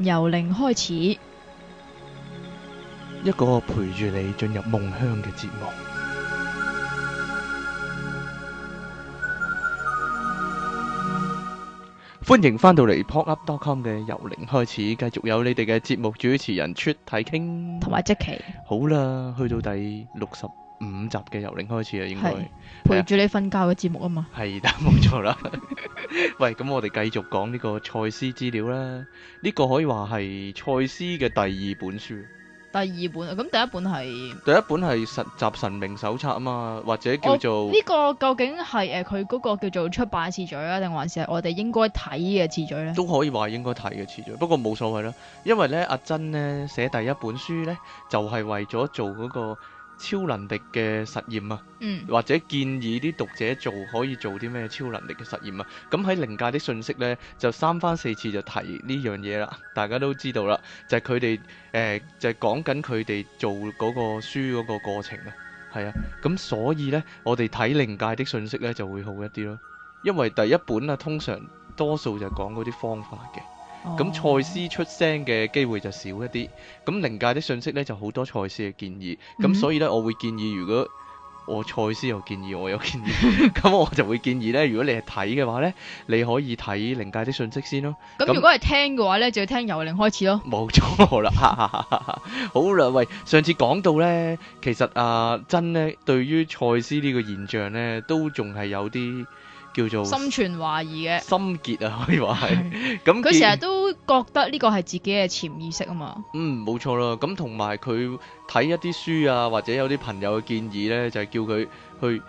由零開始，一個陪住你進入夢鄉嘅節目。歡迎返到嚟 PodUp.com 嘅由零開始，繼續有你哋嘅節目主持人出睇傾，同埋即期。好啦，去到第六十。五集嘅由零開始啊，應該陪住你瞓覺嘅節目啊嘛，係但冇錯啦。 喂，咁我哋繼續講呢個賽斯資料啦。呢、這個可以話係賽斯嘅第二本書。第二本啊，咁第一本係第一本係實習神明手冊啊嘛，或者叫做呢、這個究竟係誒佢嗰個叫做出版次序啊，定還是係我哋應該睇嘅次序咧？都可以話應該睇嘅次序，不過冇所謂啦，因為咧阿珍咧寫第一本書咧就係、是、為咗做嗰、那個。超能力嘅實驗啊，嗯、或者建議啲讀者做可以做啲咩超能力嘅實驗啊？咁喺靈界啲訊息呢，就三番四次就提呢樣嘢啦。大家都知道啦，就係佢哋誒就係講緊佢哋做嗰個書嗰個過程啊。係啊，咁所以呢，我哋睇靈界的訊息呢就會好一啲咯，因為第一本啊通常多數就講嗰啲方法嘅。咁賽斯出聲嘅機會就少一啲，咁靈界啲信息咧就好多賽斯嘅建議，咁所以咧我會建議，如果我賽斯又建議，我有建議，咁 我就會建議咧，如果你係睇嘅話咧，你可以睇靈界啲信息先咯。咁如果係聽嘅話咧， 那就要聽由零開始咯。冇錯啦哈哈哈哈。好啦，喂，上次講到咧，其實阿、啊、珍咧對於賽斯呢個現象咧，都仲係有啲。叫做心存懷疑嘅心結啊，可以話係咁。佢成日都覺得呢個係自己嘅潛意識啊嘛。嗯，冇錯啦。咁同埋佢睇一啲書啊，或者有啲朋友嘅建議咧，就係、是、叫佢去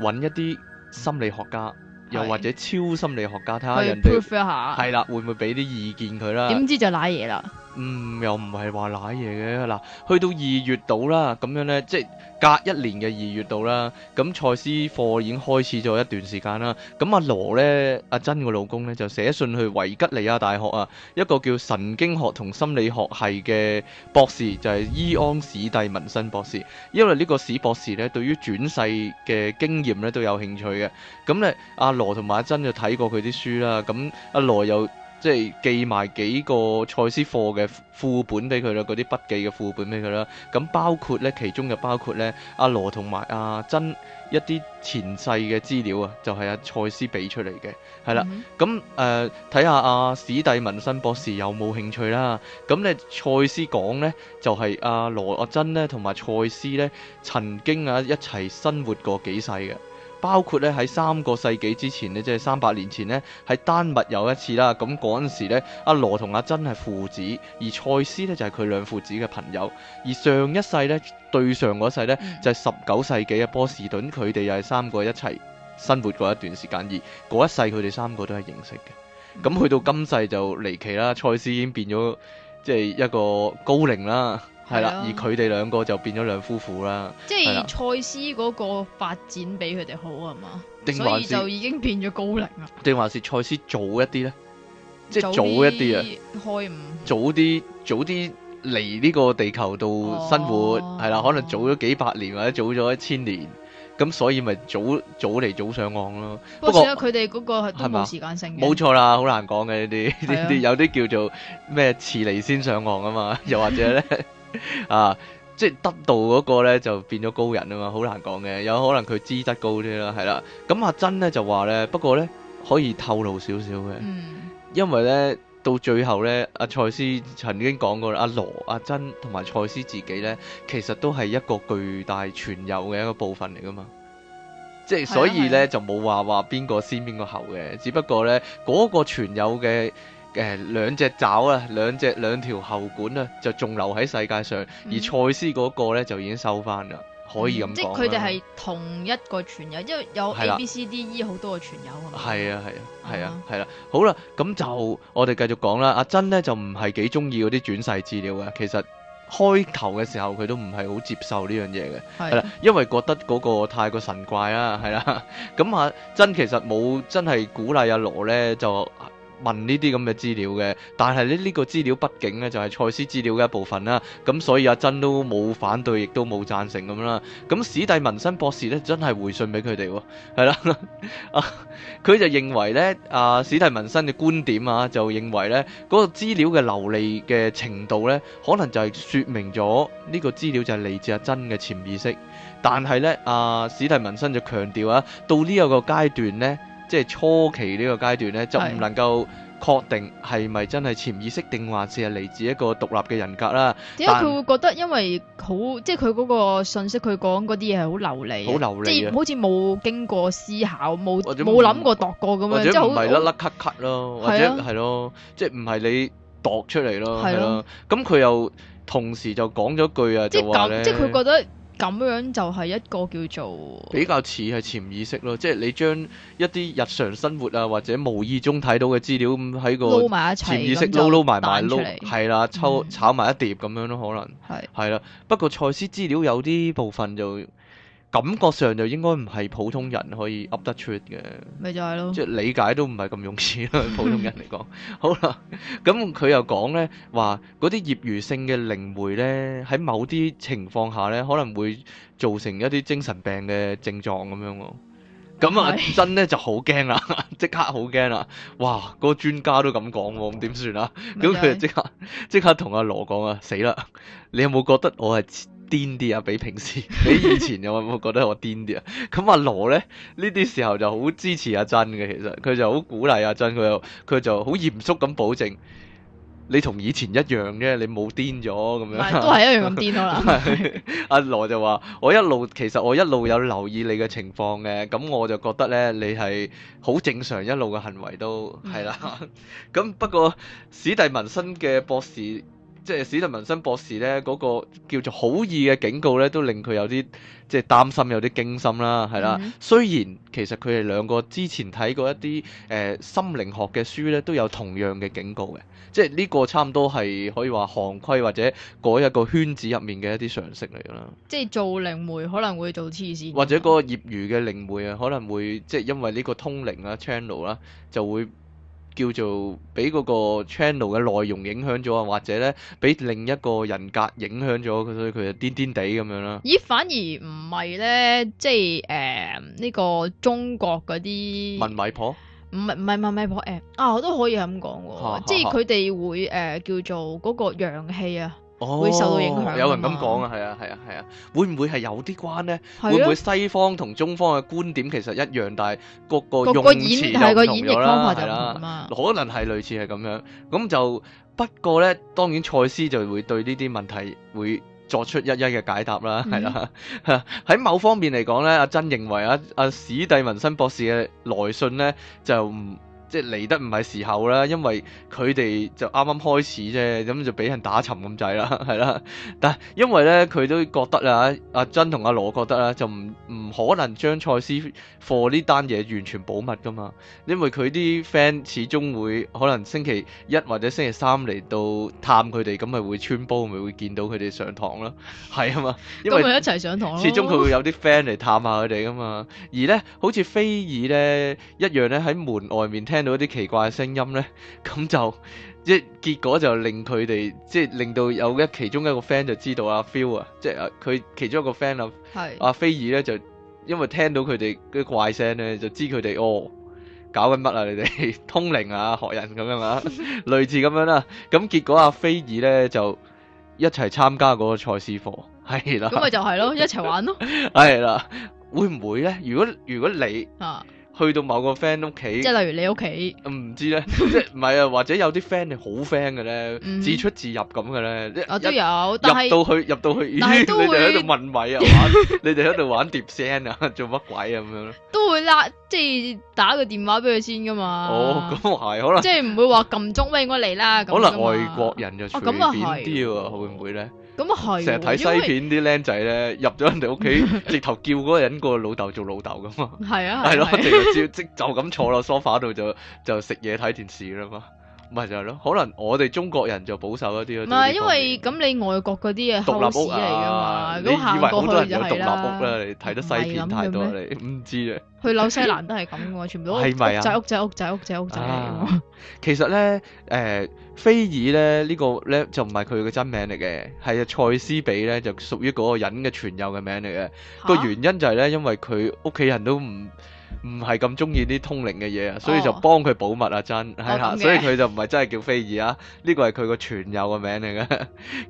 揾一啲心理學家，是又或者超心理學家睇是人下人哋。proof 一下係啦，會唔會俾啲意見佢啦？點知就瀨嘢啦。嗯，又唔係話瀨嘢嘅嗱，去到二月度啦，咁樣呢，即係隔一年嘅二月度啦，咁賽斯課已經開始咗一段時間啦，咁阿羅呢，阿珍個老公呢，就寫信去維吉尼亞大學啊，一個叫神經學同心理學系嘅博士，就係、是、伊安史蒂文森博士，因為呢個史博士呢，對於轉世嘅經驗呢，都有興趣嘅，咁呢，阿羅同埋阿珍就睇過佢啲書啦，咁阿羅又。即係寄埋幾個賽斯課嘅副本俾佢啦，嗰啲筆記嘅副本俾佢啦。咁包括咧，其中就包括咧，阿、啊、羅同埋阿珍一啲前世嘅資料啊，就係阿賽斯俾出嚟嘅，係啦。咁誒、嗯，睇下阿史蒂文森博士有冇興趣啦。咁咧，賽斯講咧，就係、是、阿、啊、羅阿珍咧，同埋賽斯咧，曾經啊一齊生活過幾世嘅。包括咧喺三個世紀之前咧，即係三百年前咧，喺丹麥有一次啦。咁嗰陣時咧，阿羅同阿珍係父子，而賽斯咧就係佢兩父子嘅朋友。而上一世咧，對上嗰世咧就係十九世紀嘅波士頓，佢哋又係三個一齊生活過一段時間，而嗰一世佢哋三個都係認識嘅。咁去到今世就離奇啦，賽斯已經變咗即係一個高靈啦。係啦，而佢哋兩個就變咗兩夫婦啦。即係賽斯嗰個發展比佢哋好啊嘛，所以就已經變咗高靈啊。定還是賽斯早一啲咧？即係早一啲啊？開五？早啲，早啲嚟呢個地球度生活係啦，可能早咗幾百年或者早咗一千年，咁所以咪早早嚟，早上岸咯。不過佢哋嗰個係冇時間性，冇錯啦，好難講嘅呢啲呢啲，有啲叫做咩遲嚟先上岸啊嘛，又或者咧。 啊，即係得到嗰個呢，就變咗高人啊嘛，好難講嘅，有可能佢資質高啲啦，係啦。咁阿珍呢，就話呢，不過呢，可以透露少少嘅，嗯、因為呢，到最後呢，阿賽斯曾經講過阿羅、阿珍同埋賽斯自己呢，其實都係一個巨大存有嘅一個部分嚟噶嘛，即係所以呢，就冇話話邊個先邊個後嘅，只不過呢，嗰、那個存有嘅。誒，兩隻爪啊，兩隻兩條喉管咧，就仲留喺世界上，而蔡司嗰個咧就已經收翻啦，可以咁講啦。即係佢哋係同一個存有，因為有 A、B、C、D、E 好多個存有係嘛？係啊係啊係啊係啦。好啦，咁就我哋繼續講啦。阿珍咧就唔係幾中意嗰啲轉世資料嘅，其實開頭嘅時候佢都唔係好接受呢樣嘢嘅，係啦，因為覺得嗰個太過神怪啦，係啦。咁阿珍其實冇真係鼓勵阿羅咧就。問呢啲咁嘅資料嘅，但係咧呢、呢個資料畢竟咧就係賽斯資料嘅一部分啦，咁所以阿珍都冇反對，亦都冇贊成咁啦。咁史蒂文森博士呢，真係回信俾佢哋，係啦，佢 就認為呢，阿、啊、史蒂文森嘅觀點啊，就認為呢嗰、嗰個資料嘅流利嘅程度呢，可能就係說明咗呢個資料就係嚟自阿珍嘅潛意識，但係呢，阿、啊、史蒂文森就強調啊，到呢個階段呢。即係初期呢個階段咧，就唔能夠確定係咪真係潛意識定還是係嚟自一個獨立嘅人格啦。點解佢會覺得？因為好，即係佢嗰個信息，佢講嗰啲嘢係好流利，好流利，即係好似冇經過思考，冇冇諗過度過咁樣，即係好甩甩咳咳咯，或者係咯，即係唔係你度出嚟咯，係咯。咁佢又同時就講咗句啊，即係即係佢覺得。咁樣就係一個叫做比較似係潛意識咯，即係你將一啲日常生活啊，或者無意中睇到嘅資料咁喺個潛意識撈撈埋埋撈，係啦，抽炒埋一碟咁樣咯，可能係係啦。不過賽斯資料有啲部分就。感覺上就應該唔係普通人可以噏得出嘅，咪就係咯。即係理解都唔係咁容易咯，普通人嚟講。 好啦，咁佢又講咧，話嗰啲業餘性嘅靈媒咧，喺某啲情況下咧，可能會造成一啲精神病嘅症狀咁樣喎。咁阿珍咧就好驚啦，即刻好驚啦。哇，嗰個專家都咁講喎，咁點算啊？咁佢就即刻即刻同阿羅講啊，死啦！你有冇覺得我係癲啲啊，比平時，比以前有冇覺得我癲啲啊？咁 阿羅咧，呢啲時候就好支持阿珍嘅，其實佢就好鼓勵阿珍佢又佢就好嚴肅咁保證，你同以前一樣啫，你冇癲咗咁樣，都係一樣咁癲好啦。 是 阿羅就話：我一路其實我一路有留意你嘅情況嘅，咁我就覺得咧你係好正常，一路嘅行為都係啦。咁 不過史蒂文新嘅博士。即係史特文森博士咧嗰、那個叫做好意嘅警告咧，都令佢有啲即係擔心，有啲驚心啦，係啦。Mm hmm. 雖然其實佢哋兩個之前睇過一啲誒、呃、心靈學嘅書咧，都有同樣嘅警告嘅，即係呢個差唔多係可以話行規或者嗰一個圈子入面嘅一啲常識嚟嘅啦。即係做靈媒可能會做黐線，或者嗰個業餘嘅靈媒啊，可能會即係因為呢個通靈啦、啊、channel 啦、啊，就會。叫做俾嗰個 channel 嘅內容影響咗啊，或者咧俾另一個人格影響咗，所以佢就癲癲地咁樣啦。咦？反而唔係咧，即係誒呢個中國嗰啲問米婆，唔係唔係問米婆誒、哎、啊我都可以咁講喎，啊、即係佢哋會誒、呃、叫做嗰個陽氣啊。哦、會受到影響，有人咁講啊，係啊，係啊，係啊,啊,啊，會唔會係有啲關呢？啊、會唔會西方同中方嘅觀點其實一樣，但係個個用詞唔同個演繹方法係啦，是啊、可能係類似係咁樣，咁、啊、就不過呢，當然賽斯就會對呢啲問題會作出一一嘅解答啦，係啦、嗯，喺、啊、某方面嚟講呢，阿珍認為啊，阿、啊、史蒂文森博士嘅來信呢，就。即係嚟得唔係時候啦，因為佢哋就啱啱開始啫，咁就俾人打沉咁滯啦，係啦。但係因為咧，佢都覺得啊，阿珍同阿羅覺得啦、啊，就唔唔可能將賽斯課呢單嘢完全保密噶嘛，因為佢啲 friend 始終會可能星期一或者星期三嚟到探佢哋，咁咪會穿煲，咪會，會見到佢哋上堂咯，係啊嘛。因為佢一齊上堂始終佢會有啲 friend 嚟探下佢哋噶嘛。而咧，好似菲爾咧一樣咧，喺門外面聽。聽到啲奇怪嘅聲音咧，咁就即結果就令佢哋即係令到有一其中一個 friend 就知道阿 Phil 啊，即係佢其中一個 friend 啊，阿菲爾咧就因為聽到佢哋啲怪聲咧，就知佢哋哦搞緊乜啊？你哋通靈啊，學人咁樣啊， 類似咁樣，啊、 啦。咁結果阿菲爾咧就一齊參加嗰個賽斯課，係啦。咁咪就係咯，一齊玩咯。係啦，會唔會咧？如果如果你啊？ 去到某個 friend 屋企，即係例如你屋企，唔知咧，即係唔係啊？或者有啲 friend 係好 friend 嘅咧，自出自入咁嘅咧，我都有，但係入到去入到去，你哋喺度問米啊，你哋喺度玩碟聲啊，做乜鬼咁樣咧？都會啦，即係打個電話俾佢先噶嘛。哦，咁啊係，可能即係唔會話撳鐘咩應該嚟啦。可能外國人就隨便啲喎，會唔會咧？咁啊係，成日睇西片啲僆仔咧，入咗人哋屋企，直頭叫嗰個人個老豆做老豆噶嘛，係啊，係咯，直接即就咁坐落梳化度就就食嘢睇電視啦嘛。唔係就係咯，可能我哋中國人就保守一啲咯。唔係因為咁，你外國嗰啲嘢獨立屋嚟㗎嘛。咁行過去就係啦。你睇得西片太多，唔知啊。去紐西蘭都係咁喎，全部都係屋仔屋仔屋仔屋仔屋仔嚟嘅。其實咧，誒，菲爾咧呢個咧就唔係佢嘅真名嚟嘅，係啊，賽斯比咧就屬於嗰個人嘅傳授嘅名嚟嘅。個原因就係咧，因為佢屋企人都唔。唔係咁中意啲通靈嘅嘢啊，所以就幫佢保密啊，真、哦，係呀、啊，所以佢就唔係真係叫菲爾啊，呢個係佢個傳有嘅名嚟嘅。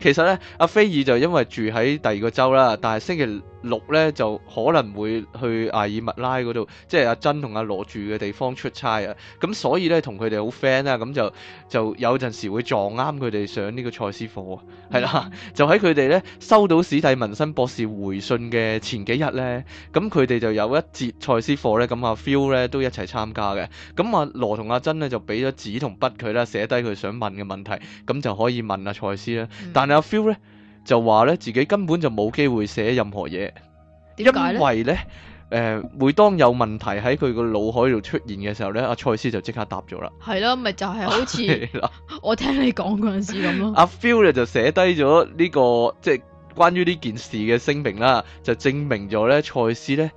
其實咧，阿菲爾就因為住喺第二個州啦，但係星期。六咧就可能會去艾爾麥拉嗰度，即係阿珍同阿羅住嘅地方出差啊。咁所以咧同佢哋好 friend 啊。咁就就有陣時會撞啱佢哋上呢個賽斯課啊。係啦、mm hmm.，就喺佢哋咧收到史蒂文森博士回信嘅前幾日咧，咁佢哋就有一節賽斯課咧，咁阿 Phil 咧都一齊參加嘅。咁阿羅同阿珍咧就俾咗紙同筆佢啦，寫低佢想問嘅問題，咁就可以問阿賽斯啦。Mm hmm. 但係阿 Phil 咧。就話咧自己根本就冇機會寫任何嘢。點解咧？因為咧，誒，每當有問題喺佢個腦海度出現嘅時候咧，阿蔡斯就即刻答咗啦。係咯，咪就係、是，好似我聽你講嗰陣時咁咯。阿 Phil 就寫低咗呢個即係、就是、關於呢件事嘅聲明啦，就證明咗咧，蔡斯咧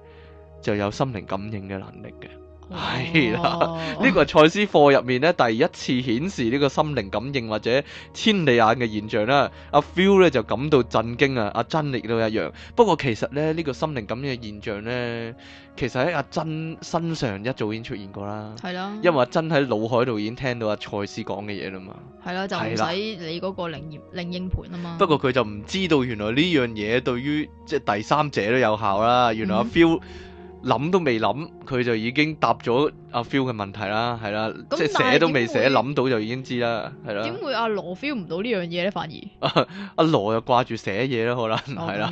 就有心靈感應嘅能力嘅。係啦，呢個係賽斯課入面咧第一次顯示呢個心靈感應或者千里眼嘅現象啦，啊。阿 Phil 咧就感到震驚啊，阿珍亦都一樣。不過其實咧呢、這個心靈感應嘅現象咧，其實喺阿、啊、珍身上一早已經出現過啦。係啦，啊，因為阿珍喺腦海度已經聽到阿賽斯講嘅嘢啦嘛。係啦，就唔使你嗰個靈驗靈應盤啊嘛。不過佢就唔知道原來呢樣嘢對於即係第三者都有效啦。原來阿、啊、Phil、嗯。諗都未諗，佢就已經答咗阿 feel 嘅問題啦，係啦，即係寫都未寫，諗到就已經知啦，係啦。點會阿羅 feel 唔到呢樣嘢咧？反而阿羅又掛住寫嘢咯，可能係啦，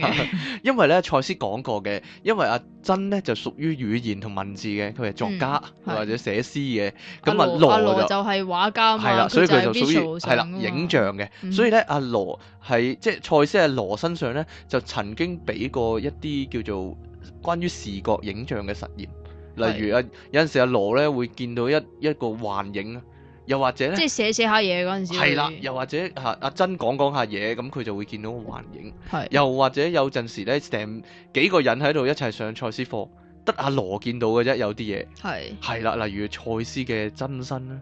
因為咧賽斯講過嘅，因為阿珍咧就屬於語言同文字嘅，佢係作家或者寫詩嘅，咁啊羅就係畫家，係啦，所以佢就屬於係啦影像嘅，所以咧阿羅係即係賽斯阿羅身上咧就曾經俾過一啲叫做。關於視覺影像嘅實驗，例如啊，有陣時阿羅咧會見到一一個幻影啊，又或者咧，即係寫寫下嘢嗰陣時，係啦，又或者嚇阿珍講講下嘢，咁佢就會見到個幻影，係的，又或者有陣時咧，成幾個人喺度一齊上賽斯課，得阿羅見到嘅啫，有啲嘢係，係啦的，例如賽斯嘅真身咧。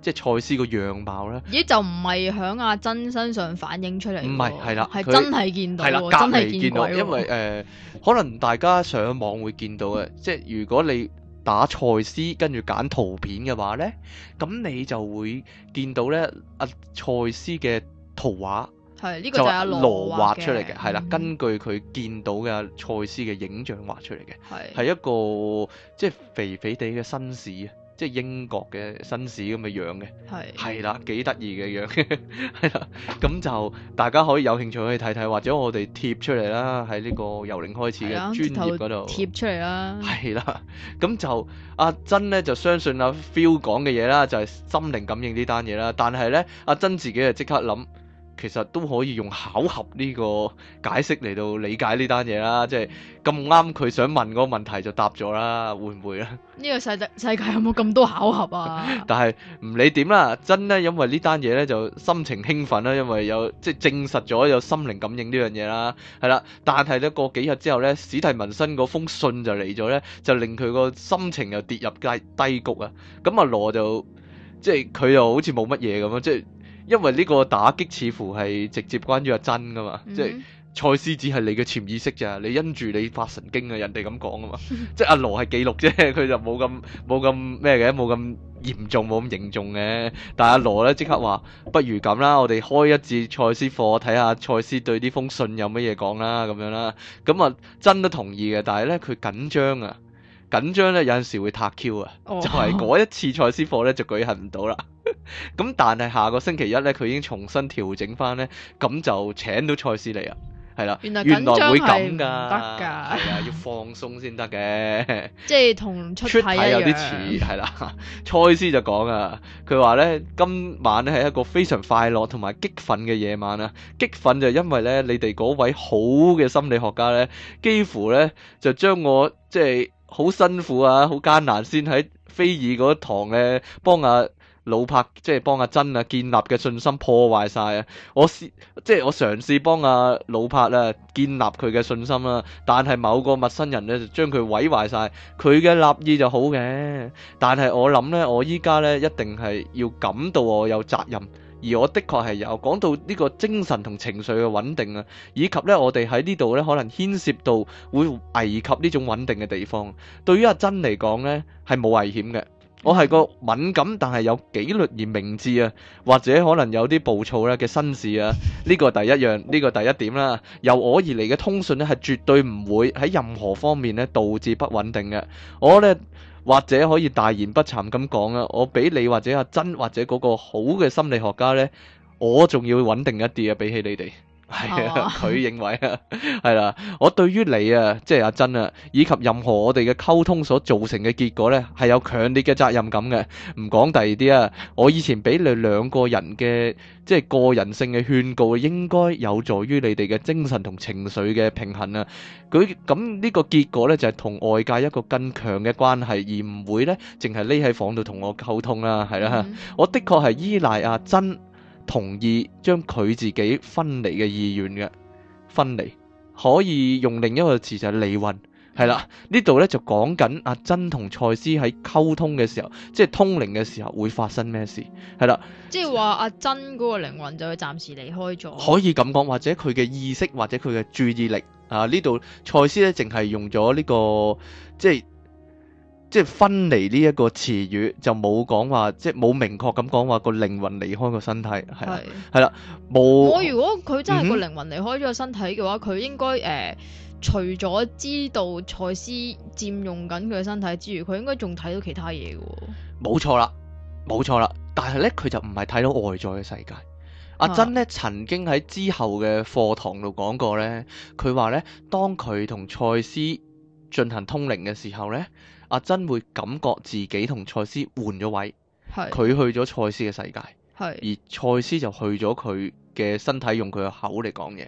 即係賽斯個樣貌咧，咦？就唔係響阿珍身上反映出嚟，唔係係啦，係真係見到的，係啦的，隔籬見到，因為誒、 呃，可能大家上網會見到嘅，即係如果你打賽斯跟住揀圖片嘅話咧，咁你就會見到咧阿賽斯嘅圖畫，係呢、這個就係阿羅畫出嚟嘅，係啦、嗯，根據佢見到嘅賽斯嘅影像畫出嚟嘅，係係的一個即係肥肥地嘅紳士啊。即係英國嘅紳士咁嘅樣嘅，係係啦，幾得意嘅樣嘅，係啦，咁就大家可以有興趣去睇睇，或者我哋貼出嚟啦，喺呢個由零開始嘅專頁嗰度貼出嚟啦、啊，係啦，咁就阿、啊、珍咧就相信阿、啊、Phil 講嘅嘢啦，就係、是、心靈感應呢單嘢啦，但係咧阿珍自己就即刻諗。其實都可以用巧合呢個解釋嚟到理解呢單嘢啦，即係咁啱佢想問個問題就答咗啦，會唔會咧？呢個世界世界有冇咁多巧合啊？但係唔理點啦，真咧，因為呢單嘢咧就心情興奮啦，因為有即係證實咗有心靈感應呢樣嘢啦，係啦。但係咧過幾日之後咧，史蒂文森嗰封信就嚟咗咧，就令佢個心情又跌入低低谷啊。咁阿羅就即係佢又好似冇乜嘢咁啊，即係。因為呢個打擊似乎係直接關於阿珍噶嘛，mm hmm. 即係賽斯只係你嘅潛意識咋，你因住你發神經啊，人哋咁講啊嘛， 即係阿羅係記錄啫，佢就冇咁冇咁咩嘅，冇咁嚴重，冇咁凝重嘅。但阿羅咧即刻話不如咁啦，我哋開一節賽斯課，睇下賽斯對呢封信有乜嘢講啦，咁樣啦。咁阿珍都同意嘅，但係咧佢緊張啊。緊張咧，有陣時會撻 Q 啊，oh. 就係嗰一次賽斯課咧就舉行唔到啦。咁 但係下個星期一咧，佢已經重新調整翻咧，咁就請到賽斯嚟啊，係啦，原來，原來會咁噶，係啊行， 要放鬆先得嘅，即係同出體有啲似，係啦。 賽斯就講啊，佢話咧今晚咧係一個非常快樂同埋激憤嘅夜晚啊！激憤就因為咧你哋嗰位好嘅心理學家咧，幾乎咧就將我即係。好辛苦啊，好艱難，先喺非爾嗰堂咧幫阿、啊、老柏，即係幫阿、啊、真啊建立嘅信心破壞晒啊！我試即係我嘗試幫阿老柏啦建立佢嘅信心啦，但係某個陌生人咧就將佢毀壞晒，佢嘅立意就好嘅，但係我諗咧，我依家咧一定係要感到我有責任。而我的確係有講到呢個精神同情緒嘅穩定啊，以及呢我哋喺呢度呢可能牽涉到會危及呢種穩定嘅地方。對於阿珍嚟講呢，係冇危險嘅，我係個敏感但係有紀律而明智啊，或者可能有啲暴躁咧嘅紳士啊，呢個第一樣，呢個第一點啦。由我而嚟嘅通訊呢，係絕對唔會喺任何方面呢導致不穩定嘅。我呢。或者可以大言不慚咁講啊，我比你或者阿珍或者嗰個好嘅心理學家咧，我仲要穩定一啲啊，比起你哋。係啊，佢 認為啊，係 啦，我對於你啊，即係阿珍啊，以及任何我哋嘅溝通所造成嘅結果咧，係有強烈嘅責任感嘅。唔講第二啲啊，我以前俾你兩個人嘅即係個人性嘅勸告，應該有助於你哋嘅精神同情緒嘅平衡啊。佢咁呢個結果咧，就係、是、同外界一個更強嘅關係，而唔會咧淨係匿喺房度同我溝通啦，啊。係啦，嗯、我的確係依賴阿珍。同意將佢自己分離嘅意願嘅分離，可以用另一個詞就係離魂，係啦。呢度咧，就講緊阿珍同賽斯喺溝通嘅時候，即係通靈嘅時候會發生咩事，係啦。即係話阿珍嗰個靈魂就會暫時離開咗，可以咁講，或者佢嘅意識或者佢嘅注意力啊？呢度賽斯咧淨係用咗呢、這個即係。即係分離呢一個詞語就冇講話，即係冇明確咁講話個靈魂離開個身體，係啊是，係啦的，冇。我如果佢真係個靈魂離開咗個身體嘅話，佢、嗯、應該誒、呃，除咗知道賽斯佔用緊佢嘅身體之餘，佢應該仲睇到其他嘢嘅。冇錯啦，冇錯啦，但係呢，佢就唔係睇到外在嘅世界。阿珍呢、啊、曾經喺之後嘅課堂度講過呢，佢話呢，當佢同賽斯進行通靈嘅時候呢。阿珍會感覺自己同賽斯換咗位，佢是去咗賽斯嘅世界，是而賽斯就去咗佢嘅身體，用佢嘅口嚟講嘢，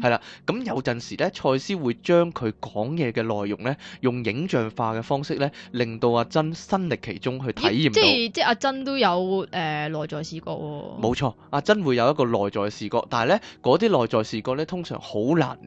係啦、嗯哼。咁有陣時咧，賽斯會將佢講嘢嘅內容咧，用影像化嘅方式咧，令到阿珍身歷其中去體驗到即係即係阿珍都有誒內、呃、在視覺喎、哦。冇錯，阿珍會有一個內在視覺，但係咧，嗰啲內在視覺咧，通常好難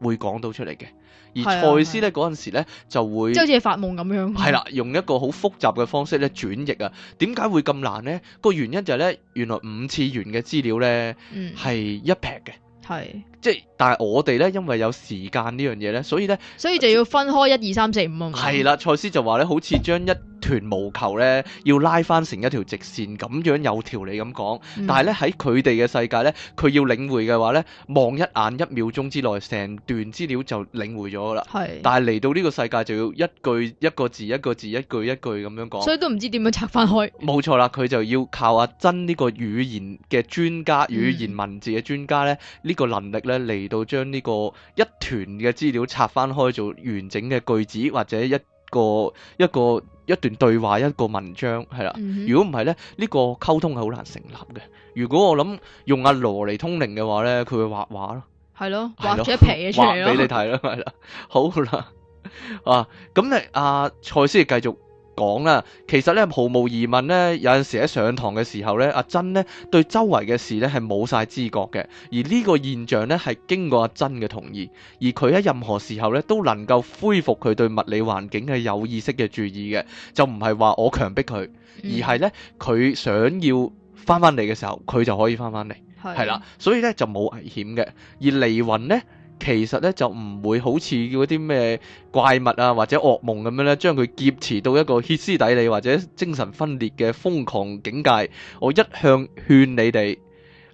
會講到出嚟嘅。而賽斯咧嗰陣時咧就會即係好似發夢咁樣，係啦，用一個好複雜嘅方式咧轉譯啊。點解會咁難咧？個原因就係咧，原來五次元嘅資料咧係、嗯、一撇嘅。即係，但係我哋咧，因為有時間呢樣嘢咧，所以咧，所以就要分開一二三四五啊嘛。係啦，賽斯就話咧，好似將一團毛球咧，要拉翻成一條直線咁樣有條理咁講。但係咧，喺佢哋嘅世界咧，佢要領會嘅話咧，望一眼一秒鐘之內成段資料就領會咗啦。係。是的 但係嚟到呢個世界就要一句一個字一個字一,一句一句咁樣講。所以都唔知點樣拆翻開。冇錯啦，佢就要靠阿珍呢個語言嘅專家、語言文字嘅專家咧，呢、嗯、個能力呢。嚟到將呢個一團嘅資料拆翻開做完整嘅句子，或者一個一個一段對話一個文章係啦，如果唔係咧，呢個溝通係好難成立嘅。如果我諗用阿羅嚟通靈嘅話咧，佢會畫畫咯，係咯的，的畫隻皮嘅出嚟俾你睇啦，係啦，好啦 啊，咁咧阿賽斯繼續講啦，其實咧毫無疑問咧，有陣時喺上堂嘅時候咧，阿珍咧對周圍嘅事咧係冇晒知覺嘅，而呢個現象咧係經過阿珍嘅同意，而佢喺任何時候咧都能夠恢復佢對物理環境嘅有意識嘅注意嘅，就唔係話我強迫佢，而係咧佢想要翻翻嚟嘅時候，佢就可以翻翻嚟，係啦的，所以咧就冇危險嘅，而離魂咧。其實咧就唔會好似嗰啲咩怪物啊或者噩夢咁樣咧，將佢劫持到一個歇斯底里或者精神分裂嘅瘋狂境界。我一向勸你哋，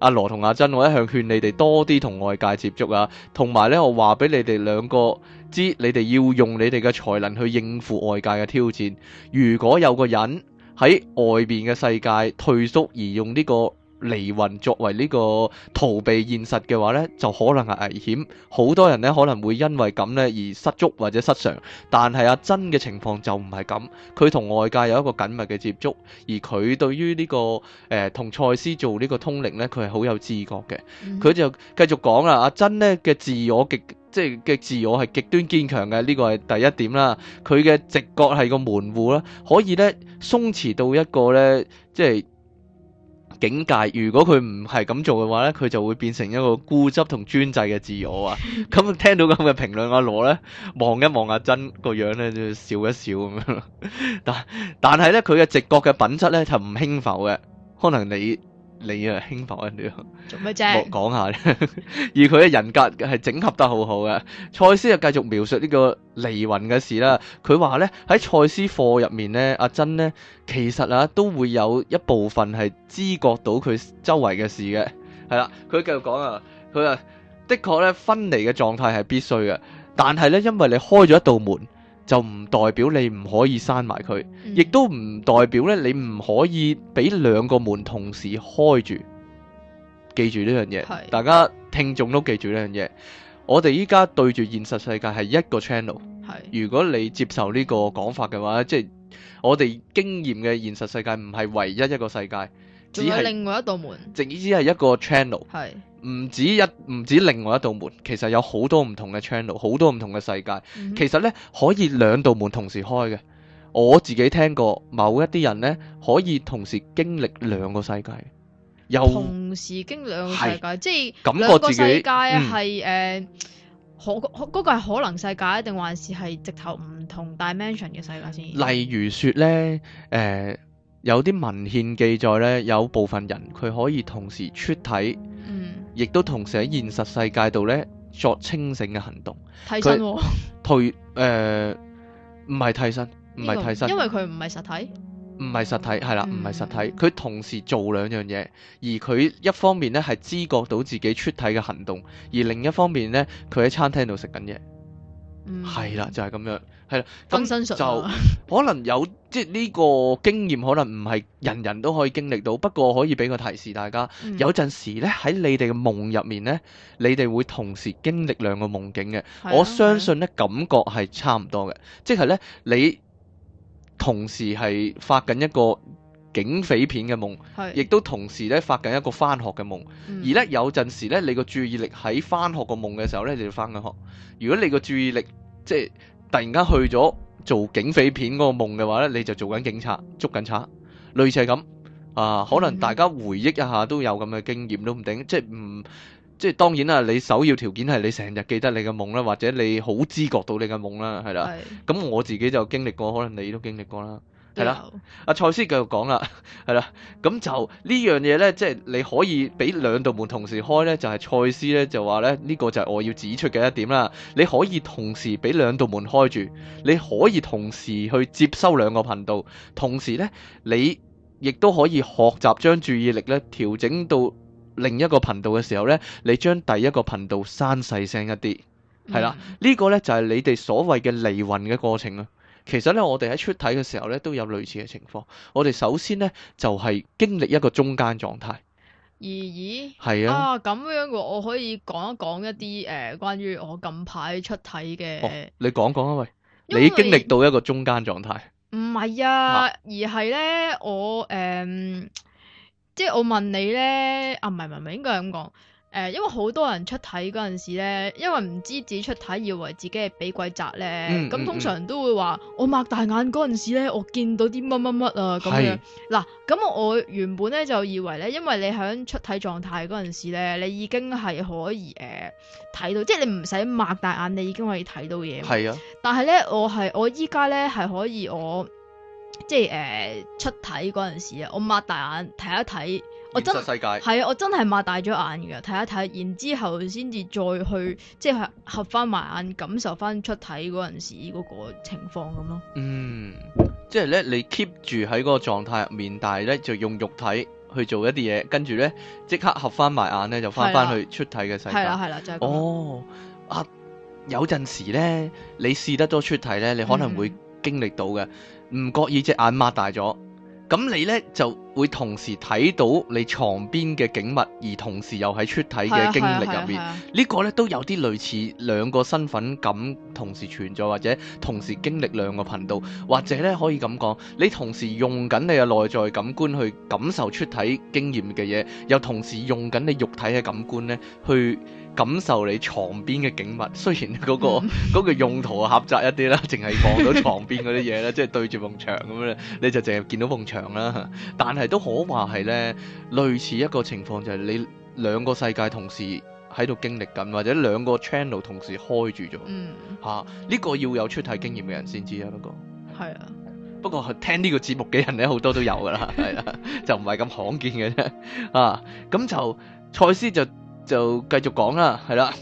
阿羅同阿珍，我一向勸你哋多啲同外界接觸啊。同埋咧，我話俾你哋兩個知，你哋要用你哋嘅才能去應付外界嘅挑戰。如果有個人喺外邊嘅世界退縮而用呢個。離魂作為呢個逃避現實嘅話呢，就可能係危險，好多人呢可能會因為咁呢而失足或者失常。但係阿珍嘅情況就唔係咁，佢同外界有一個緊密嘅接觸，而佢對於呢個誒同賽斯做呢個通靈呢，佢係好有自覺嘅。佢、嗯、就繼續講啦，阿珍呢嘅自我極即係嘅自我係極端堅強嘅，呢個係第一點啦。佢嘅直覺係個門戶啦，可以呢鬆弛到一個呢，即係。境界，如果佢唔係咁做嘅話咧，佢就會變成一個固執同專制嘅自我啊！咁聽到咁嘅評論，阿羅咧望一望阿珍個樣咧，就笑一笑咁樣。但但係咧，佢嘅直覺嘅品質咧就唔輕浮嘅，可能你。你啊，輕薄做咩啫，莫講下咧。而佢嘅人格係整合得好好嘅。賽斯又繼續描述呢個離魂嘅事啦。佢話咧喺賽斯課入面咧，阿珍咧其實啊都會有一部分係知覺到佢周圍嘅事嘅。係啦，佢繼續講啊，佢啊，的確咧分離嘅狀態係必須嘅，但係咧因為你開咗一道門。就唔代表你唔可以閂埋佢，亦都唔代表咧你唔可以俾兩個門同時開住。記住呢樣嘢，是大家聽眾都記住呢樣嘢。我哋依家對住現實世界係一個 channel。是如果你接受呢個講法嘅話，即係我哋經驗嘅現實世界唔係唯一一個世界。只係另外一道門，只只係一個 channel，係唔是止一唔止另外一道門。其實有好多唔同嘅 channel，好多唔同嘅世界。嗯、哼其實咧可以兩道門同時開嘅。我自己聽過某一啲人咧可以同時經歷兩個世界，又同時經歷兩個世界，是即係是兩個世界係誒可嗰個係可能世界，定還是係直頭唔同 dimension 嘅世界先？例如說咧誒。呃有啲文獻記載呢，有部分人佢可以同時出體，亦、嗯、都同時喺現實世界度呢作清醒嘅行動替身退、哦、誒，唔係替身，唔係替身，因為佢唔係實體，唔係實體，係啦，唔係、嗯、實體。佢同時做兩樣嘢，而佢一方面呢係知覺到自己出體嘅行動，而另一方面呢，佢喺餐廳度食緊嘢。係啦，嗯啊，就係、是、咁樣，係啦、啊，咁就可能有即係呢個經驗，可能唔係人人都可以經歷到，不過可以俾個提示大家，有陣時呢，喺你哋嘅夢入面呢，你哋會同時經歷兩個夢境嘅，啊啊、我相信呢，感覺係差唔多嘅，即係呢，你同時係發緊一個。警匪片嘅夢，是亦都同時咧發緊一個翻學嘅夢。嗯、而咧有陣時咧，你個注意力喺翻學個夢嘅時候咧，你就翻緊學。如果你個注意力即係突然間去咗做警匪片嗰個夢嘅話咧，你就做緊警察捉緊賊，類似係咁。啊，可能大家回憶一下都有咁嘅經驗、嗯、都唔定，即係唔即係當然啦。你首要條件係你成日記得你嘅夢啦，或者你好知覺到你嘅夢啦，係啦。咁是我自己就經歷過，可能你都經歷過啦。係啦，阿 Yeah. 賽斯繼續講啦，係啦，咁就呢樣嘢呢，即係你可以俾兩道門同時開呢，就係賽斯呢就話呢，呢個就係我要指出嘅一點啦。你可以同時俾兩道門開住，你可以同時去接收兩個頻道，同時呢，你亦都可以學習將注意力呢調整到另一個頻道嘅時候呢，你將第一個頻道閂細聲一啲，係啦，呢 mm hmm. 個呢就係你哋所謂嘅離魂嘅過程啦。其實咧，我哋喺出體嘅時候咧，都有類似嘅情況。我哋首先咧，就係、是、經歷一個中間狀態。咦咦，係啊，咁、啊啊、樣嘅，我可以講一講一啲誒，關於我近排出體嘅、哦。你講講啊，喂，為你經歷到一個中間狀態？唔係啊，啊而係咧，我誒、嗯，即係我問你咧，啊，唔係唔係唔應該咁講。誒，因為好多人出體嗰陣時咧，因為唔知自己出體，以為自己係俾鬼責咧，咁、嗯、通常都會話、嗯嗯、我擘大眼嗰陣時咧，我見到啲乜乜乜啊咁樣。嗱是，咁我原本咧就以為咧，因為你喺出體狀態嗰陣時咧，你已經係可以誒睇、呃、到，即、就、係、是、你唔使擘大眼，你已經可以睇到嘢。係啊。但係咧，我係我依家咧係可以我，即係誒、呃、出體嗰陣時啊，我擘大眼睇一睇。我真係世界，係啊！我真係擘大咗眼噶，睇一睇，然之後先至再去，即係合翻埋眼，感受翻出體嗰陣時嗰個情況咁咯。嗯，即係咧，你 keep 住喺嗰個狀態入面，但係咧就用肉體去做一啲嘢，跟住咧即刻合翻埋眼咧，就翻翻的去出體嘅世界。係啦，係啦，就係咁咯。哦，啊，有陣時咧，你試得多出體咧，你可能會經歷到嘅，唔覺意隻眼擘大咗。咁你呢就會同時睇到你床邊嘅景物，而同時又喺出體嘅經歷入面，呢個呢都有啲類似兩個身份感同時存在，或者同時經歷兩個頻道，或者呢，可以咁講，你同時用緊你嘅內在感官去感受出體經驗嘅嘢，又同時用緊你肉體嘅感官呢去感受你床邊嘅景物，雖然嗰、那個嗰、嗯、個用途狹窄一啲啦，淨係望到床邊嗰啲嘢啦，即係 對住埲牆咁樣，你就淨係見到埲牆啦。但係都可話係咧，類似一個情況，就係、是、你兩個世界同時喺度經歷緊或者兩個 channel 同時開住咗。嗯、啊，吓，呢個要有出體經驗嘅人先知啊，不過，係是啊。不過聽這個呢個節目嘅人咧，好多都有噶啦，係啦、 啊，就唔係咁罕見嘅啫。啊，咁就賽斯就。就繼續講啦，係啦。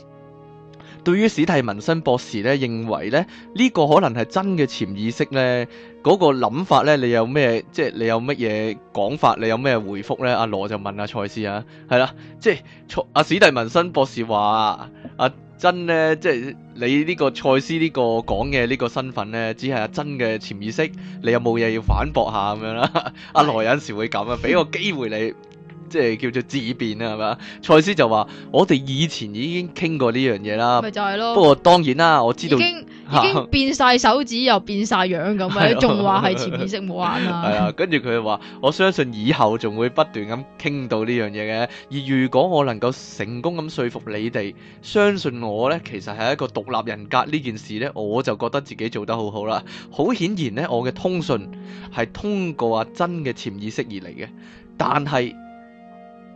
對於史蒂文森博士咧，認為咧呢、這個可能係真嘅潛意識咧，嗰、那個諗法咧，你有咩即係你有乜嘢講法，你有咩回覆咧？阿、啊、羅就問阿、啊、賽斯啊，係啦，即係阿、啊、史蒂文森博士話啊呢，阿珍咧，即係你呢個賽斯呢個講嘅呢個身份咧，只係阿珍嘅潛意識，你有冇嘢要反駁下咁的、 啊、樣啦？阿羅有陣時會咁啊，俾個機會你。 即係叫做自變啦，係咪？賽斯就話：我哋以前已經傾過呢樣嘢啦，咪就係咯。不過當然啦，我知道已經已經變晒手指又變晒樣咁啊，仲話係潛意識冇玩啊。係啊 跟住佢就話：我相信以後仲會不斷咁傾到呢樣嘢嘅。而如果我能夠成功咁說服你哋相信我咧，其實係一個獨立人格呢件事咧，我就覺得自己做得好好啦。好顯然咧，我嘅通訊係通過阿真嘅潛意識而嚟嘅，但係。嗯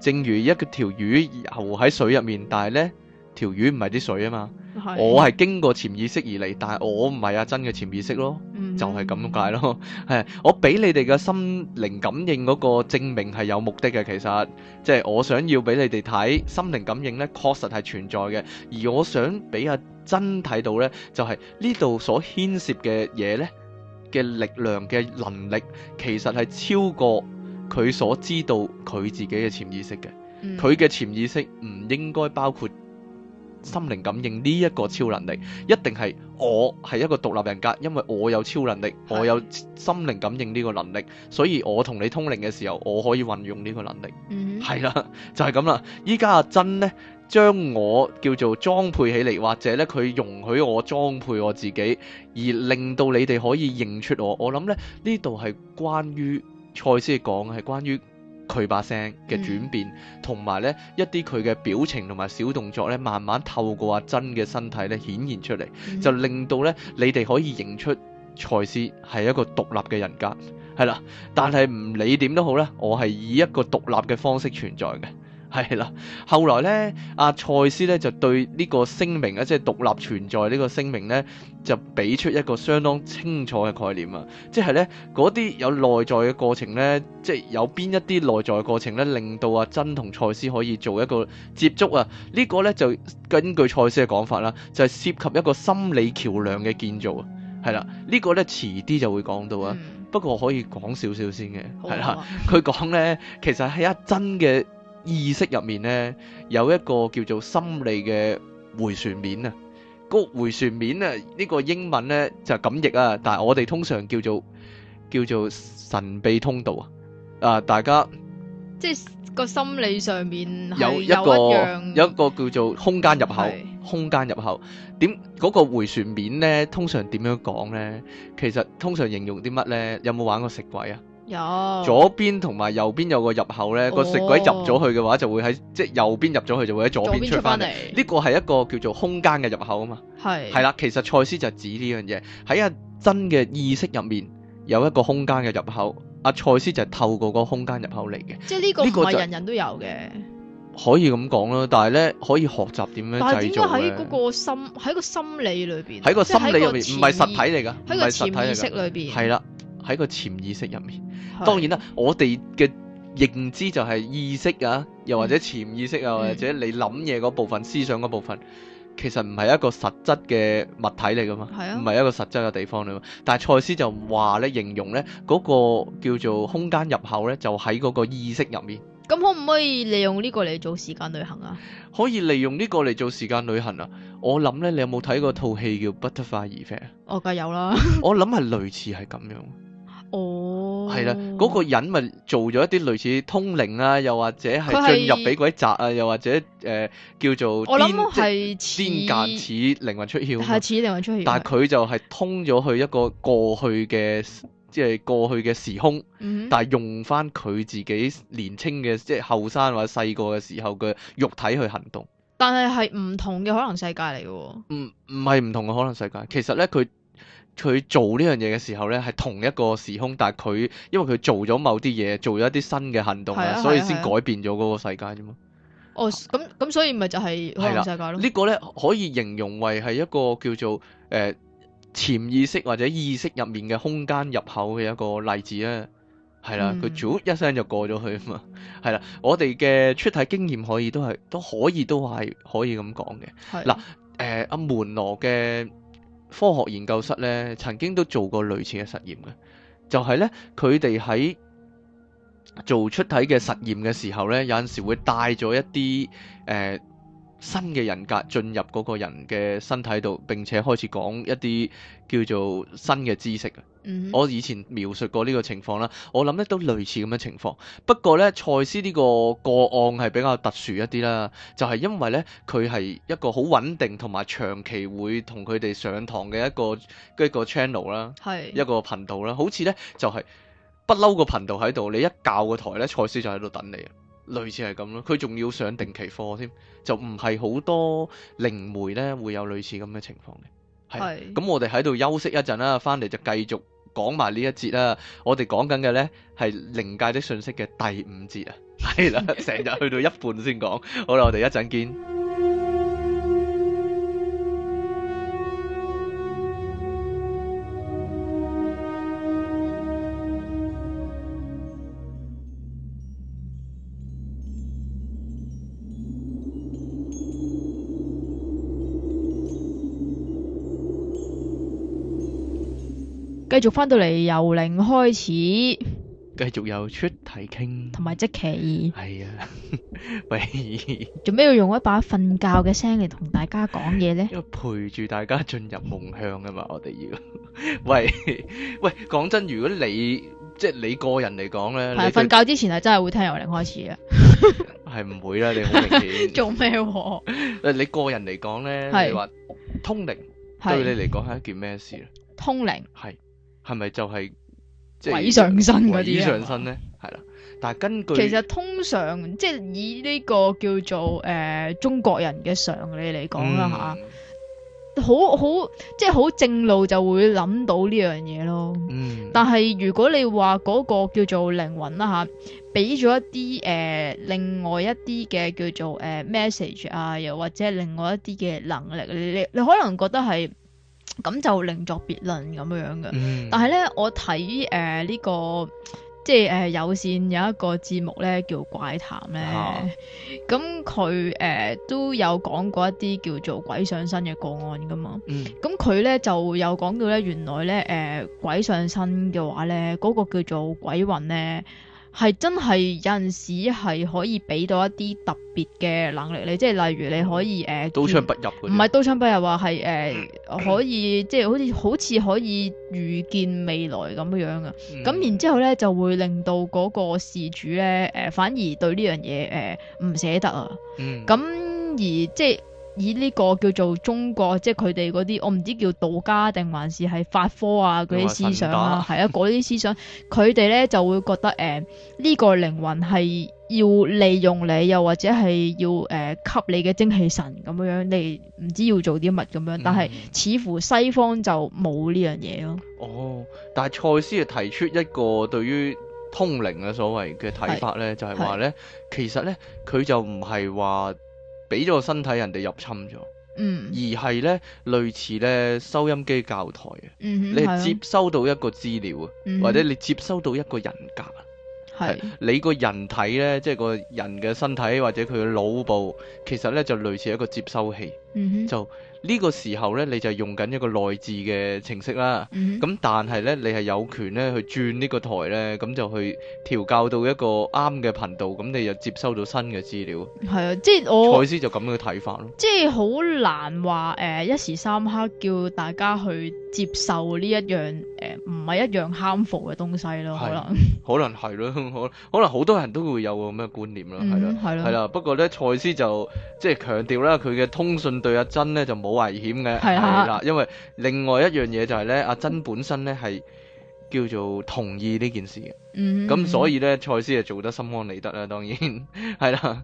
正如一個條魚遊喺水入面，但係呢條魚唔係啲水啊嘛，我係經過潛意識而嚟，但係我唔係阿珍嘅潛意識咯，就係咁解咯。係我俾你哋嘅心靈感應嗰個證明係有目的嘅，其實即係我想要俾你哋睇心靈感應呢確實係存在嘅，而我想俾阿珍睇到呢就係呢度所牽涉嘅嘢呢嘅力量嘅能力其實係超過佢所知道佢自己嘅潛意識嘅，佢嘅潛意識唔應該包括心靈感應呢一個超能力，一定係我係一個獨立人格，因為我有超能力，我有心靈感應呢個能力，的所以我同你通靈嘅時候，我可以運用呢個能力，係啦、嗯，就係咁啦。依家阿珍咧，將我叫做裝配起嚟，或者咧佢容許我裝配我自己，而令到你哋可以認出我。我諗咧呢度係關於。賽斯講係關於佢把聲嘅轉變，同埋咧一啲佢嘅表情同埋小動作咧，慢慢透過阿珍嘅身體咧，顯現出嚟，嗯、就令到咧你哋可以認出賽斯係一個獨立嘅人格。係啦。但係唔理點都好咧，我係以一個獨立嘅方式存在嘅。係啦，後來咧，阿、啊、賽斯咧就對呢個聲明即係獨立存在個聲呢個聲明咧，就俾出一個相當清楚嘅概念啊，即係咧嗰啲有內在嘅過程咧，即、就、係、是、有邊一啲內在嘅過程咧，令到阿珍同賽斯可以做一個接觸啊，這個，呢個咧就根據賽斯嘅講法啦，就係、是、涉及一個心理橋樑嘅建造啊，係啦，這個，呢個咧遲啲就會講到啊，嗯、不過可以講少少先嘅，係啦，啊，佢講咧其實係阿珍嘅。意識入面呢有一個叫做心理嘅回旋面啊，個回旋面呢，呢個英文呢就咁譯啊，但係我哋通常叫做叫做神秘通道啊。啊，大家即係個心理上面有一個有一個叫做空間入口，空間入口點，嗰個回旋面呢通常點樣講呢？其實通常形容啲乜呢？有冇玩過食鬼啊？有左邊同埋右邊有個入口咧，個食鬼入咗去嘅話，就會喺即係右邊入咗去，就會喺左邊出翻嚟。呢個係一個叫做空間嘅入口啊嘛。係係啦，其實賽斯就係指呢樣嘢喺阿珍嘅意識入面有一個空間嘅入口。阿賽斯就係透過個空間入口嚟嘅。即係呢個唔係人人都有嘅。可以咁講啦，但係咧可以學習點樣製造咧。但係點解喺嗰個心喺個心理裏邊？喺個心理裏邊唔係實體嚟㗎，喺個潛意識裏邊係啦。喺個潛意識入面，的當然啦，我哋嘅認知就係意識啊，又或者潛意識啊，嗯、或者你諗嘢嗰部分、嗯、思想嗰部分，其實唔係一個實質嘅物體嚟噶嘛，唔係的一個實質嘅地方嚟嘛。但係賽斯就話咧，形容咧嗰、嗰個叫做空間入口咧，就喺嗰個意識入面。咁可唔可以利用呢個嚟做時間旅行啊？可以利用呢個嚟做時間旅行啊？我諗咧，你有冇睇過套戲叫 Butterfly Effect？哦，梗有啦。 我諗係類似係咁樣。哦，係啦，oh，嗰，那個人咪做咗一啲類似通靈啊，又或者係進入俾鬼閘啊，是又或者誒，呃、叫做我諗係先間似靈魂出竅，似靈魂出竅，但係佢就係通咗去一個過去嘅即係過去嘅時空，嗯、哼但係用翻佢自己年青嘅即係後生或者細個嘅時候嘅肉體去行動，但係係唔同嘅可能世界嚟嘅喎，唔唔係唔同嘅可能世界，其實咧佢。他。佢做呢樣嘢嘅時候呢，係同一個時空，但係佢因為佢做咗某啲嘢，做咗一啲新嘅行動啊，所以先改變咗嗰個世界啫嘛、啊啊。哦，咁咁所以咪就係可能世界咯。呢、啊這個呢，可以形容為係一個叫做誒潛、呃、意識或者意識入面嘅空間入口嘅一個例子啊。係啦，佢 jump 一聲就過咗去啊嘛。係啦、嗯啊，我哋嘅出體經驗可以都係都可以都係可以咁講嘅。嗱、啊，誒阿、呃、門羅嘅。科學研究室咧曾經都做過類似嘅實驗嘅，就係咧佢哋喺做出體嘅實驗嘅時候咧，有陣時會帶咗一啲誒、呃、新嘅人格進入嗰個人嘅身體度，並且開始講一啲叫做新嘅知識。Mm hmm. 我以前描述過呢個情況啦，我諗咧都類似咁嘅情況，不過呢，賽斯呢個個案係比較特殊一啲啦，就係、是、因為呢，佢係一個好穩定同埋長期會同佢哋上堂嘅一個一個 channel 啦是，係一個頻道啦，好似呢就係不嬲個頻道喺度，你一教個台呢，賽斯就喺度等你啊，類似係咁咯，佢仲要上定期課添，就唔係好多靈媒呢會有類似咁嘅情況嘅，係。咁是我哋喺度休息一陣啦，翻嚟就繼續。講埋呢一節啦、啊，我哋講緊嘅呢係靈界的訊息嘅第五節啊，係啦，成日 去到一半先講，好啦，我哋一陣見。繼續翻到嚟由零開始，繼續由出題傾，同埋即期，係啊，喂，做咩要用一把瞓覺嘅聲嚟同大家講嘢咧？因為陪住大家進入夢鄉啊嘛，我哋要喂喂。講真，如果你即係你個人嚟講咧，係瞓覺之前係真係會聽由零開始嘅，係唔會啦，你好明顯做咩？誒，你個人嚟講咧，係話通靈對你嚟講係一件咩事咧？通靈係。係咪就係、是、鬼、就是、上身嗰啲啊？鬼上身咧，係啦。但係根據其實通常即係、就是、以呢個叫做誒、呃、中國人嘅常理嚟講啦，吓好好即係好正路就會諗到呢樣嘢咯。嗯。但係如果你話嗰個叫做靈魂啦吓，俾咗一啲誒、呃、另外一啲嘅叫做誒、呃、message 啊，又或者另外一啲嘅能力，你你你可能覺得係。咁就另作別論咁樣嘅，嗯、但係咧，我睇呢、呃這個即係、呃、有線有一個節目咧叫怪談咧，咁佢、哦呃、都有講過一啲叫做鬼上身嘅個案噶嘛，咁佢咧就有講到咧，原來咧、呃、鬼上身嘅話咧，嗰、嗰個叫做鬼魂咧。係真係有陣時係可以俾到一啲特別嘅能力你，即係例如你可以誒，呃、刀槍、刀槍不入。唔係刀槍不入話係誒，呃、 可以即係好似好似可以預見未來咁樣噶。咁、嗯、然之後咧就會令到嗰個事主咧誒、呃，反而對呢、呃嗯、樣嘢誒唔捨得啊。咁而即係。以呢個叫做中國，即係佢哋嗰啲，我唔知叫道,道家定還是係法科啊嗰啲思想啊，係 啊，嗰啲思想，佢哋咧就會覺得誒呢、嗯這個靈魂係要利用你，又或者係要誒給、呃、你嘅精氣神咁樣，你唔知要做啲乜咁樣。但係似乎西方就冇呢樣嘢咯、啊嗯。哦，但係賽斯係提出一個對於通靈嘅所謂嘅睇法咧，是就係話咧，是其實咧佢就唔係話。俾咗個身體人哋入侵咗，嗯、而係咧類似咧收音機教台嘅，嗯、哼你係接收到一個資料啊，嗯、哼或者你接收到一個人格啊，係你人呢、就是、個人體咧，即係個人嘅身體或者佢嘅腦部，其實呢就類似一個接收器，嗯、哼就。呢個時候咧，你就用緊一個內置嘅程式啦。咁、嗯嗯、但係咧，你係有權咧去轉呢個台咧，咁就去調校到一個啱嘅頻道，咁你又接收到新嘅資料。係啊，即係我賽斯就咁嘅睇法咯。即係好難話、呃、一時三刻叫大家去。接受呢一樣唔係、呃、一樣慘腐嘅東西咯是能，可能可能係咯，可可能好多人都會有咁嘅觀念咯，係咯係咯，係啦。不過咧，賽斯就即係強調啦，佢嘅通訊對阿珍咧就冇危險嘅係啦，因為另外一樣嘢就係、是、咧，阿珍本身咧係。叫做同意呢件事嘅，咁、mm hmm. 所以呢，賽斯就做得心安理得啦，當然係啦。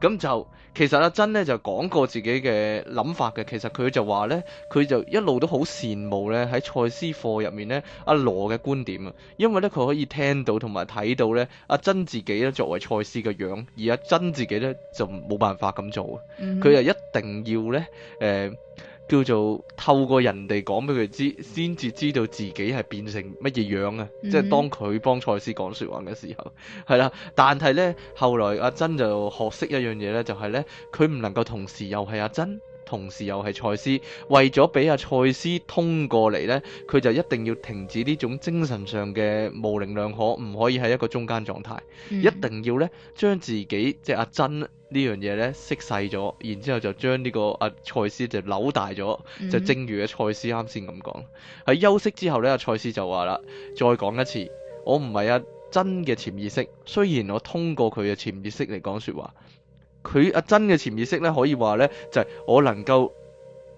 咁 就其實阿珍呢，就講過自己嘅諗法嘅，其實佢就話呢，佢就一路都好羨慕呢喺賽斯課入面呢阿羅嘅觀點啊，因為呢，佢可以聽到同埋睇到呢阿珍自己呢作為賽斯嘅樣子，而阿珍自己呢就冇辦法咁做，佢、mm hmm. 就一定要呢。誒、呃。叫做透過人哋講俾佢知，先至知道自己係變成乜嘢樣啊！Mm hmm. 即係當佢幫賽斯講說話嘅時候，係啦。但係呢，後來阿珍就學識一樣嘢呢，就係、是、呢，佢唔能夠同時又係阿珍，同時又係賽斯。為咗俾阿賽斯通過嚟呢，佢就一定要停止呢種精神上嘅模棱兩可，唔可以喺一個中間狀態，mm hmm. 一定要呢將自己即係阿珍。呢樣嘢呢，識細咗，然之後就將呢個阿、啊、賽斯就扭大咗，mm hmm. 就正如嘅賽斯啱先咁講。喺休息之後呢，阿賽斯就話啦，再講一次，我唔係阿珍嘅潛意識，雖然我通過佢嘅潛意識嚟講說話，佢阿、啊、珍嘅潛意識呢，可以話呢，就係、是、我能夠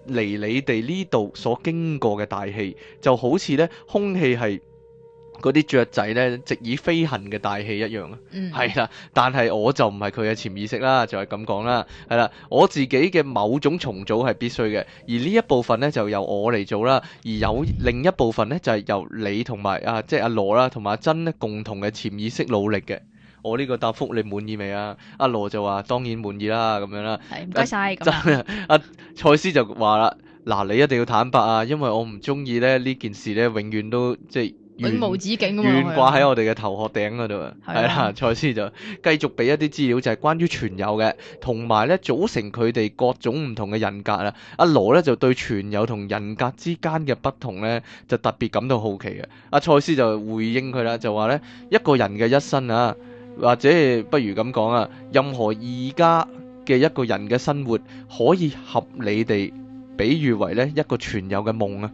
嚟你哋呢度所經過嘅大氣，就好似呢空氣係。嗰啲雀仔咧，藉以飛行嘅大氣一樣啊，係啦、嗯。但係我就唔係佢嘅潛意識啦，就係咁講啦，係啦。我自己嘅某種重組係必須嘅，而呢一部分咧就由我嚟做啦。而有另一部分咧就係、是、由你同埋啊，即係阿羅啦，同埋阿珍呢共同嘅潛意識努力嘅。我呢個答覆你滿意未啊？阿羅就話當然滿意啦，咁樣啦，唔該曬。阿、啊 啊、蔡司就話啦：嗱，你一定要坦白啊，因為我唔中意咧呢這件事咧，永遠都即係。永圓無止境咁樣，懸掛喺我哋嘅頭殼頂嗰度。係啦、啊，賽斯、啊、就繼續俾一啲資料，就係關於全有嘅，同埋咧組成佢哋各種唔同嘅人格啦。阿、啊、羅咧就對全有同人格之間嘅不同咧，就特別感到好奇嘅。阿賽斯就回應佢啦，就話咧一個人嘅一生啊，或者不如咁講啊，任何而家嘅一個人嘅生活，可以合理地比喻為咧一個全有嘅夢啊。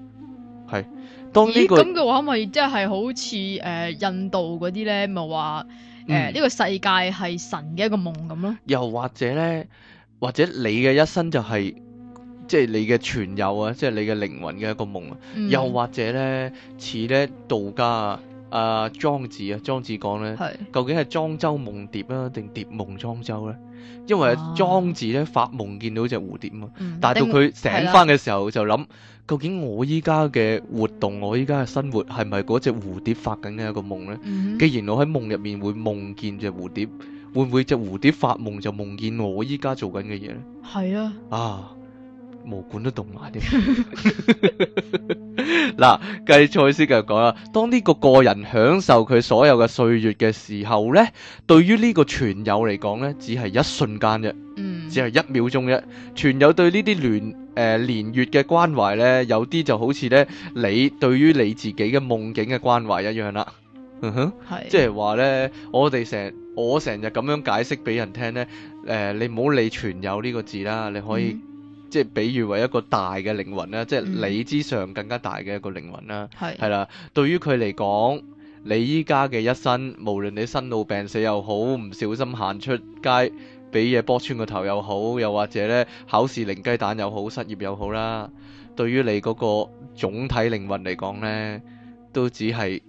當呢個、咦咁嘅話咪即係好似誒、呃、印度嗰啲咧，咪話誒呢個世界係神嘅一個夢咁咯？又或者咧，或者你嘅一生就係即係你嘅存有啊，即、就、係、是、你嘅靈魂嘅一個夢啊。嗯、又或者咧，似咧道家啊、呃，莊子啊，莊子講咧，是究竟係莊周夢蝶啊，定蝶夢莊周咧？因為莊子咧、啊、發夢見到隻蝴蝶嘛、啊，嗯、但到佢醒翻嘅時候就諗，嗯、究竟我依家嘅活動，啊、我依家嘅生活係咪嗰隻蝴蝶發緊嘅一個夢呢？嗯、既然我喺夢入面會夢見隻蝴蝶，會唔會隻蝴蝶發夢就夢見我依家做緊嘅嘢呢？係啊。啊。毛管都動埋啲。嗱，繼賽斯就講啦，講，當呢個個人享受佢所有嘅歲月嘅時候呢，對於呢個存有嚟講呢，只係一瞬間啫，嗯，只係一秒鐘嘅。存有對呢啲年誒年月嘅關懷呢，有啲就好似呢你對於你自己嘅夢境嘅關懷一樣啦。嗯、哼，是即係話呢，我哋成我成日咁樣解釋俾人聽呢，誒、呃，你唔好理存有呢個字啦，你可以、嗯。即係比喻為一個大嘅靈魂啦，即係你之上更加大嘅一個靈魂啦，係係啦。對於佢嚟講，你依家嘅一生，無論你生老病死又好，唔小心行出街俾嘢剝穿個頭又好，又或者咧考試零雞蛋又好，失業又好啦。對於你嗰個總體靈魂嚟講咧，都只係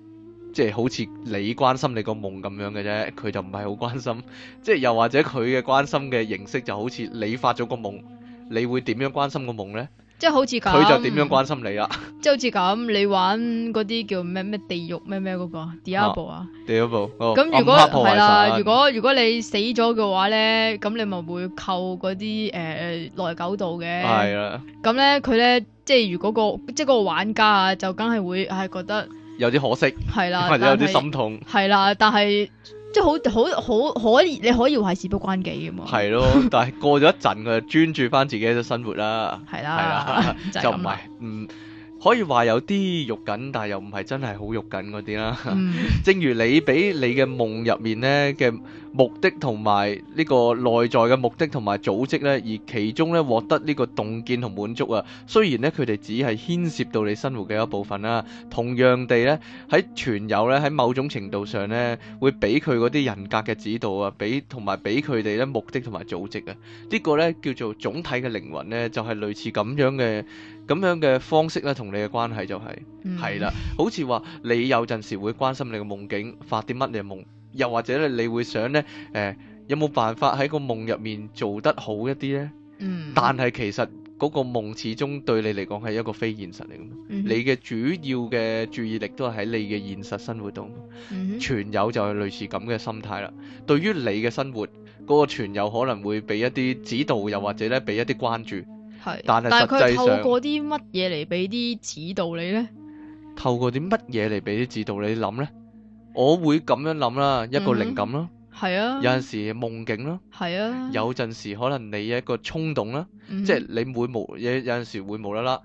即係好似你關心你個夢咁樣嘅啫。佢就唔係好關心，即係又或者佢嘅關心嘅形式就好似你發咗個夢。你會點樣關心個夢咧？即係好似咁，佢就點樣關心你啦。即係好似咁，你玩嗰啲叫咩咩地獄咩咩嗰個 Diablo 啊 Diablo 咁，如果係啦，如果如果你死咗嘅話咧，咁你咪會扣嗰啲誒耐久度嘅。係、呃、啦。咁咧，佢咧的即係如果、嗰個即係個玩家啊，就梗係會係覺得有啲可惜。係啦的。或者有啲心痛。係啦，但係。即係好好好可以，你可以話係事不關己咁嘛。係咯了， 但係過咗一陣，佢就專注翻自己嘅生活啦。係啦了，了 就唔係是、嗯，可以話有啲肉緊，但又唔係真係好肉緊嗰啲啦。嗯、 正如你俾你嘅夢入面咧嘅。目的同埋呢個內在嘅目的同埋組織咧，而其中咧獲得呢個洞見同滿足啊。雖然咧佢哋只係牽涉到你生活嘅一部分啦，同樣地咧喺存有咧喺某種程度上咧會俾佢嗰啲人格嘅指導啊，俾同埋俾佢哋咧目的同埋組織啊。呢個咧叫做總體嘅靈魂咧，就係類似咁樣嘅咁樣嘅方式咧，同你嘅關係就係係啦，好似話你有陣時會關心你嘅夢境發啲乜嘢夢。又或者咧，你會想呢，誒、哎、有冇辦法喺個夢入面做得好一啲呢？嗯。但係其實嗰個夢始終對你嚟講係一個非現實嚟嘅，嗯、哼你嘅主要嘅注意力都係喺你嘅現實生活度。嗯哼。全友就係類似咁嘅心態啦。對於你嘅生活，嗰、那個全友可能會俾一啲指導，又或者咧俾一啲關注。是但係實際上。但係佢係透過啲乜嘢嚟俾啲指導你呢？透過啲乜嘢嚟俾啲指導你諗呢？我會咁樣諗啦，一個靈感咯，係啊、mm，hmm. 有陣時夢境咯，係啊、mm，hmm. 有陣時，mm hmm. 有陣時可能你一個衝動啦，即係、mm hmm. 你會無有有陣時會冇啦啦，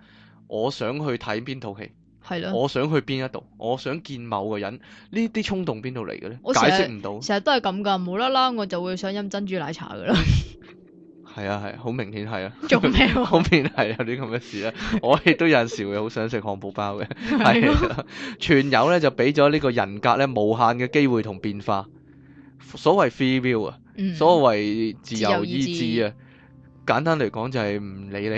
我想去睇邊套戲，係咯、mm，hmm. 我想去邊一度，我想見某個人，呢啲衝動邊度嚟嘅咧？我解釋唔到，成日都係咁噶，冇啦啦我就會想飲珍珠奶茶噶啦。係啊，係啊，好明顯係啊，係啊做咩啊？好 明顯係有啲咁嘅事啊！我亦都有陣時會好想食漢堡包嘅，係 啊！ 全友呢就俾咗呢個人格呢，無限嘅機會同變化，所謂 free will 啊，所謂自由意志啊。簡單嚟講就係唔理你，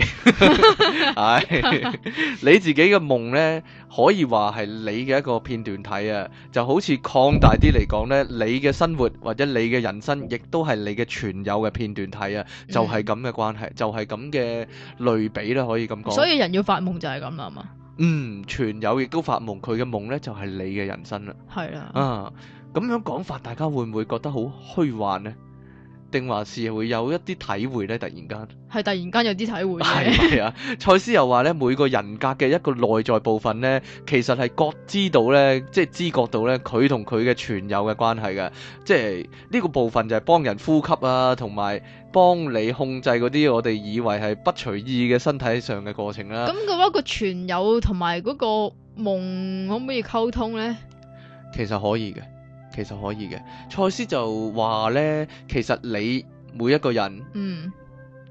係 你自己嘅夢呢，可以話係你嘅一個片段體啊，就好似擴大啲嚟講呢，你嘅生活或者你嘅人生，亦都係你嘅存有嘅片段體啊，就係咁嘅關係，就係咁嘅類比啦、啊，可以咁講。所以人要發夢就係咁啦嘛。嗯，存有亦都發夢，佢嘅夢呢，就係、是、你嘅人生啦。係啦。啊，咁的、啊、樣講法，大家會唔會覺得好虛幻呢？定還是會有一啲體會呢？突然間係突然間有啲體會嘅。係啊，賽斯又話呢，每個人格嘅一個內在部分呢，其實係覺知到呢，即係知覺到呢，佢同佢嘅存有嘅關係嘅。即係呢個部分就係幫人呼吸啊，同埋幫你控制嗰啲我哋以為係不隨意嘅身體上嘅過程啦。咁嗰一個存有同埋嗰個夢可唔可以溝通呢？其實可以嘅。其實可以嘅，賽斯就話呢，其實你每一個人，嗯，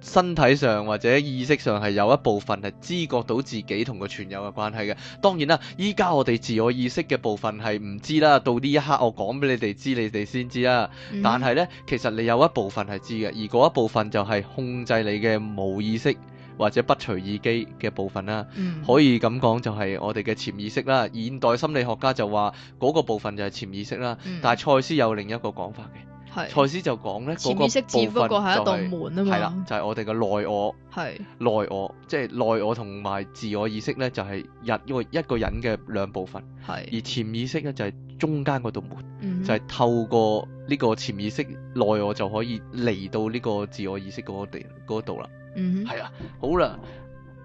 身體上或者意識上係有一部分係知覺到自己同個存有嘅關係嘅。當然啦，依家我哋自我意識嘅部分係唔知啦，到呢一刻我講俾你哋知，你哋先知啦。嗯、但係呢，其實你有一部分係知嘅，而嗰一部分就係控制你嘅無意識，或者不隨意機嘅部分啦，嗯、可以咁講就係我哋嘅潛意識啦。現代心理學家就話嗰個部分就係潛意識啦，嗯、但係賽斯有另一個講法嘅。賽斯是就講咧，潛意識只不過係一道門啊嘛。係啦、就是，就係、是、我哋嘅內我，係是內我，即、就、係、是、內我同埋自我意識咧，就係一個一個人嘅兩部分。係是而潛意識咧就係、是、中間嗰道門，嗯、哼就係透過呢個潛意識內我就可以嚟到呢個自我意識嗰地度啦。嗯，係啊，好啦，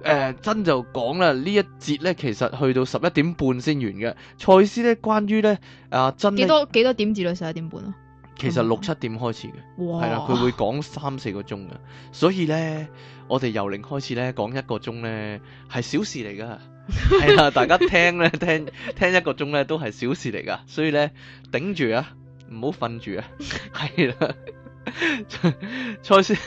誒、呃，真就講啦呢一節咧，其實去到十一點半先完嘅。賽斯咧，關於咧，啊、呃，真幾多幾多點至到十一點半啊？其實六七、嗯、哼點開始嘅，係啦哇，佢、啊、會講三四個鐘嘅，所以咧，我哋由零開始咧講一個鐘咧係小事嚟噶，係 啊，大家聽咧聽聽一個鐘咧都係小事嚟噶，所以咧頂住啊，唔好瞓住啊，係啦、啊。 賽斯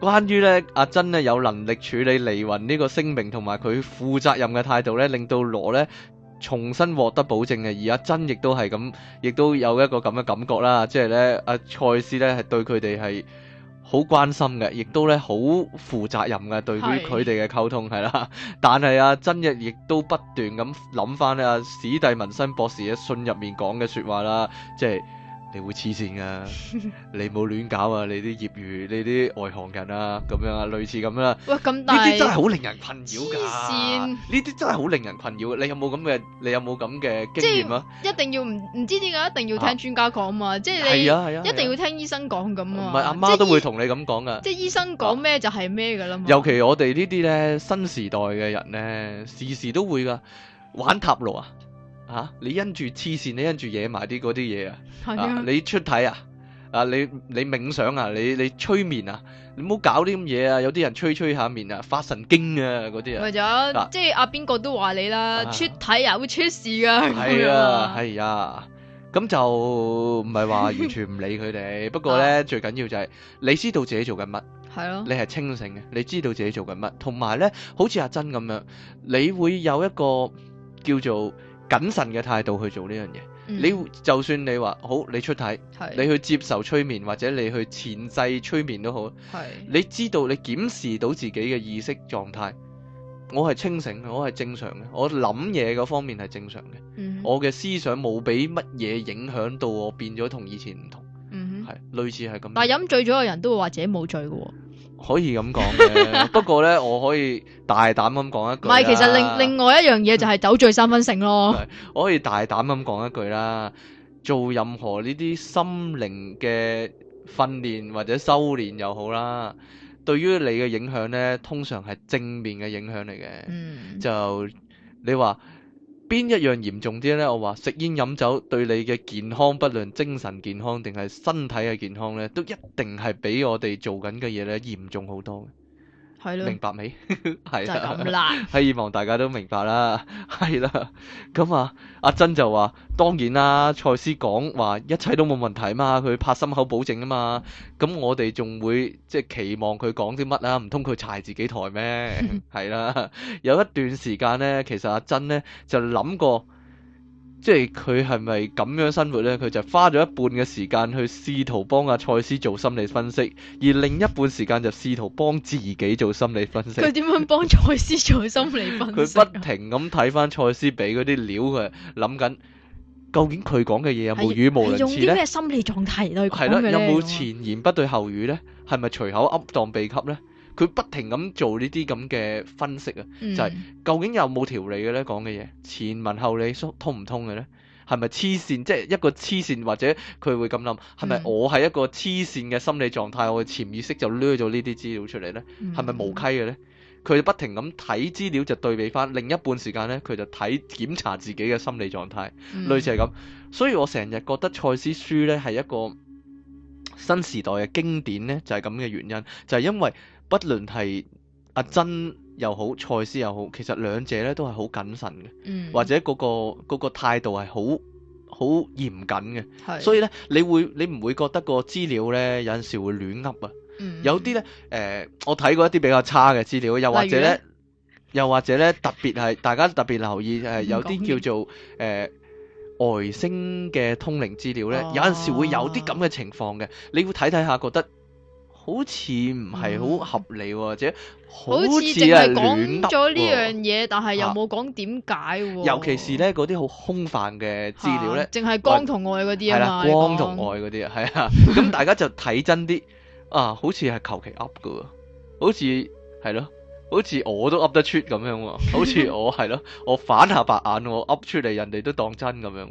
關於咧阿珍有能力處理離魂呢個聲明同埋佢負責任嘅態度咧，令到羅咧重新獲得保證嘅。而阿珍亦都係咁，亦都有一個咁嘅感覺啦。即係咧阿賽斯咧係對佢哋係好關心嘅，亦都咧好負責任嘅，對於佢哋嘅溝通係是 啦。但係阿、啊、珍亦亦都不斷咁諗翻阿史蒂文森博士嘅信入面講嘅說的話啦，即、就、係、是。你會黐線噶，你冇亂搞啊！你啲業餘，你啲外行人啊，咁樣啊，類似咁啦，呢啲真係好令人困擾噶。黐線，呢啲真係好令人困擾。你有冇咁嘅？你有冇咁嘅經驗啊？一定要唔唔知點解一定要聽專家講嘛？即係你係啊係啊，一定要聽醫生講咁啊。唔係阿媽都會同你咁講噶。即係醫生講咩就係咩噶啦嘛。尤其我哋呢啲咧新時代嘅人咧，時時都會噶玩塔羅啊。吓，你因住黐線，你因住惹埋啲嗰啲嘢啊！你出體啊，啊你你冥想啊，你你催眠啊，你唔好搞啲咁嘢啊！有啲人催催下面啊，發神經啊，嗰啲啊，咪咗、啊，啊、即係阿邊個都話你啦，啊、出體啊會出事噶，係啊係啊，咁、 啊啊、就唔係話完全唔理佢哋， 不過咧、啊、最緊要就係你知道自己做緊乜係咯，是啊、你係清醒嘅，你知道自己做緊乜，同埋咧好似阿珍咁樣，你會有一個叫做。謹慎嘅態度去做呢樣嘢，嗯、你就算你話好，你出體，是你去接受催眠或者你去前世催眠都好，是你知道你檢視到自己嘅意識狀態，我係清醒嘅，我係正常嘅，我諗嘢方面係正常嘅，嗯、哼我嘅思想冇俾乜嘢影響到我變咗同以前唔同，嗯哼，類似係咁。但係飲醉咗嘅人都會話自己冇醉嘅喎，哦。可以咁講嘅， 不過咧我可以大膽咁講一句。唔係，其實另另外一樣嘢就係酒醉三分醒咯。我可以大膽咁講一句啦， 做任何呢啲心靈嘅訓練或者修煉又好啦，對於你嘅影響咧，通常係正面嘅影響嚟嘅。嗯，就你話。邊一樣嚴重啲咧？我話食煙飲酒對你嘅健康，不論精神健康定係身體嘅健康咧，都一定係比我哋做緊嘅嘢咧嚴重好多嘅。就是、明白未？ 了就咁啦，希望大家都明白啦，係 啦。咁啊，阿珍就話：當然啦，賽斯講話一切都冇問題嘛，佢拍心口保證啊嘛。咁我哋仲會即係期望佢講啲乜啊？唔通佢踩自己台咩？係啦， 有一段時間咧，其實阿珍咧就諗過。即係佢係咪咁樣生活咧？佢就花咗一半嘅時間去試圖幫阿賽斯做心理分析，而另一半時間就試圖幫自己做心理分析。佢點樣幫賽斯做心理分析？佢不停咁睇翻賽斯俾嗰啲料，佢諗緊究竟佢講嘅嘢有冇語無倫次咧？心理狀態咯，係咯？有冇前言不對後語咧？係咪隨口噏當秘笈咧？佢不停咁做呢啲咁嘅分析啊，嗯、就係究竟有冇條理嘅呢？講嘅嘢前文後理通唔通嘅呢？係咪黐線？即、就、係、是、一個黐線或者佢會咁諗，係咪我係一個黐線嘅心理狀態？嗯、我嘅潛意識就掠咗呢啲資料出嚟呢？係咪、嗯、無稽嘅呢？」佢不停咁睇資料就對比返，另一半時間呢，佢就睇檢查自己嘅心理狀態，嗯、類似係咁。所以我成日覺得賽斯書呢係一個新時代嘅經典呢，就係咁嘅原因，就係、是、因為。不論係阿珍又好，賽斯又好，其實兩者咧都係好謹慎嘅，嗯、或者嗰個嗰個態度係好好嚴謹嘅。是、所以咧，你會你唔會覺得個資料咧有陣時會亂噏啊？嗯、有啲咧，誒、呃，我睇過一啲比較差嘅資料，又或者咧，呢又或者咧，特別係大家特別留意誒，有啲叫做誒、呃、外星嘅通靈資料咧，啊、有陣時會有啲咁嘅情況嘅，你會睇睇下覺得。好似唔係好合理，啊嗯、或者好似淨係講咗呢樣嘢，啊、但係又冇講點解。尤其是咧，嗰啲好空泛嘅資料咧，淨係光同愛嗰啲啊，係光同愛嗰啲啊，係啊、哎。咁大家就睇真啲 啊，好似係求其噏嘅，好似係咯，好似我都噏得出咁樣啊，好似我係咯，我反下白眼我噏出嚟，人哋都當真咁樣。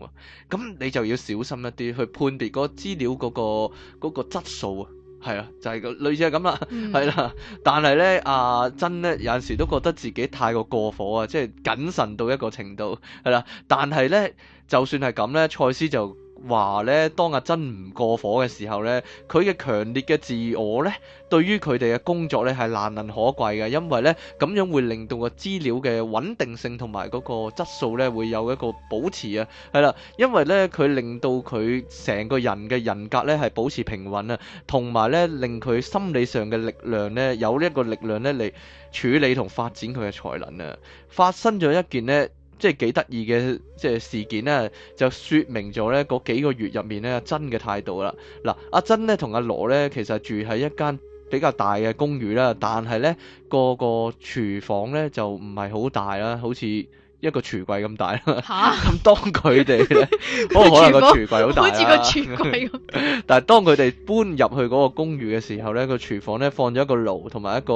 咁你就要小心一啲去判別個資料嗰、嗰個嗰、嗰個質素啊。係、就是嗯、啊，就係個類似係咁啦，係啦。但係咧，阿珍咧有陣時候都覺得自己太過過火啊，即係謹慎到一個程度，係啦。但係咧，就算係咁咧，賽斯就話咧，當阿珍唔過火嘅時候咧，佢嘅強烈嘅自我咧，對於佢哋嘅工作咧係難能可貴嘅，因為咧咁樣會令到個資料嘅穩定性同埋嗰個質素咧會有一個保持啊，係啦，因為咧佢令到佢成個人嘅人格咧係保持平穩啊，同埋咧令佢心理上嘅力量咧有呢一個力量咧嚟處理同發展佢嘅才能啊，發生咗一件呢。即係幾得意嘅，即係事件咧，就說明咗咧嗰幾個月入面咧真嘅態度啦。嗱、啊，阿珍咧同阿羅咧，其實住喺一間比較大嘅公寓啦，但係咧個個廚房咧就唔係好大啦，好似一個櫥櫃咁大啦。吓蛤！咁 當佢哋咧，不過 可能，可能個櫥櫃好大，好似個櫥櫃咁。 但係當佢哋搬入去嗰個公寓嘅時候咧，個廚房咧放咗一個爐同埋一個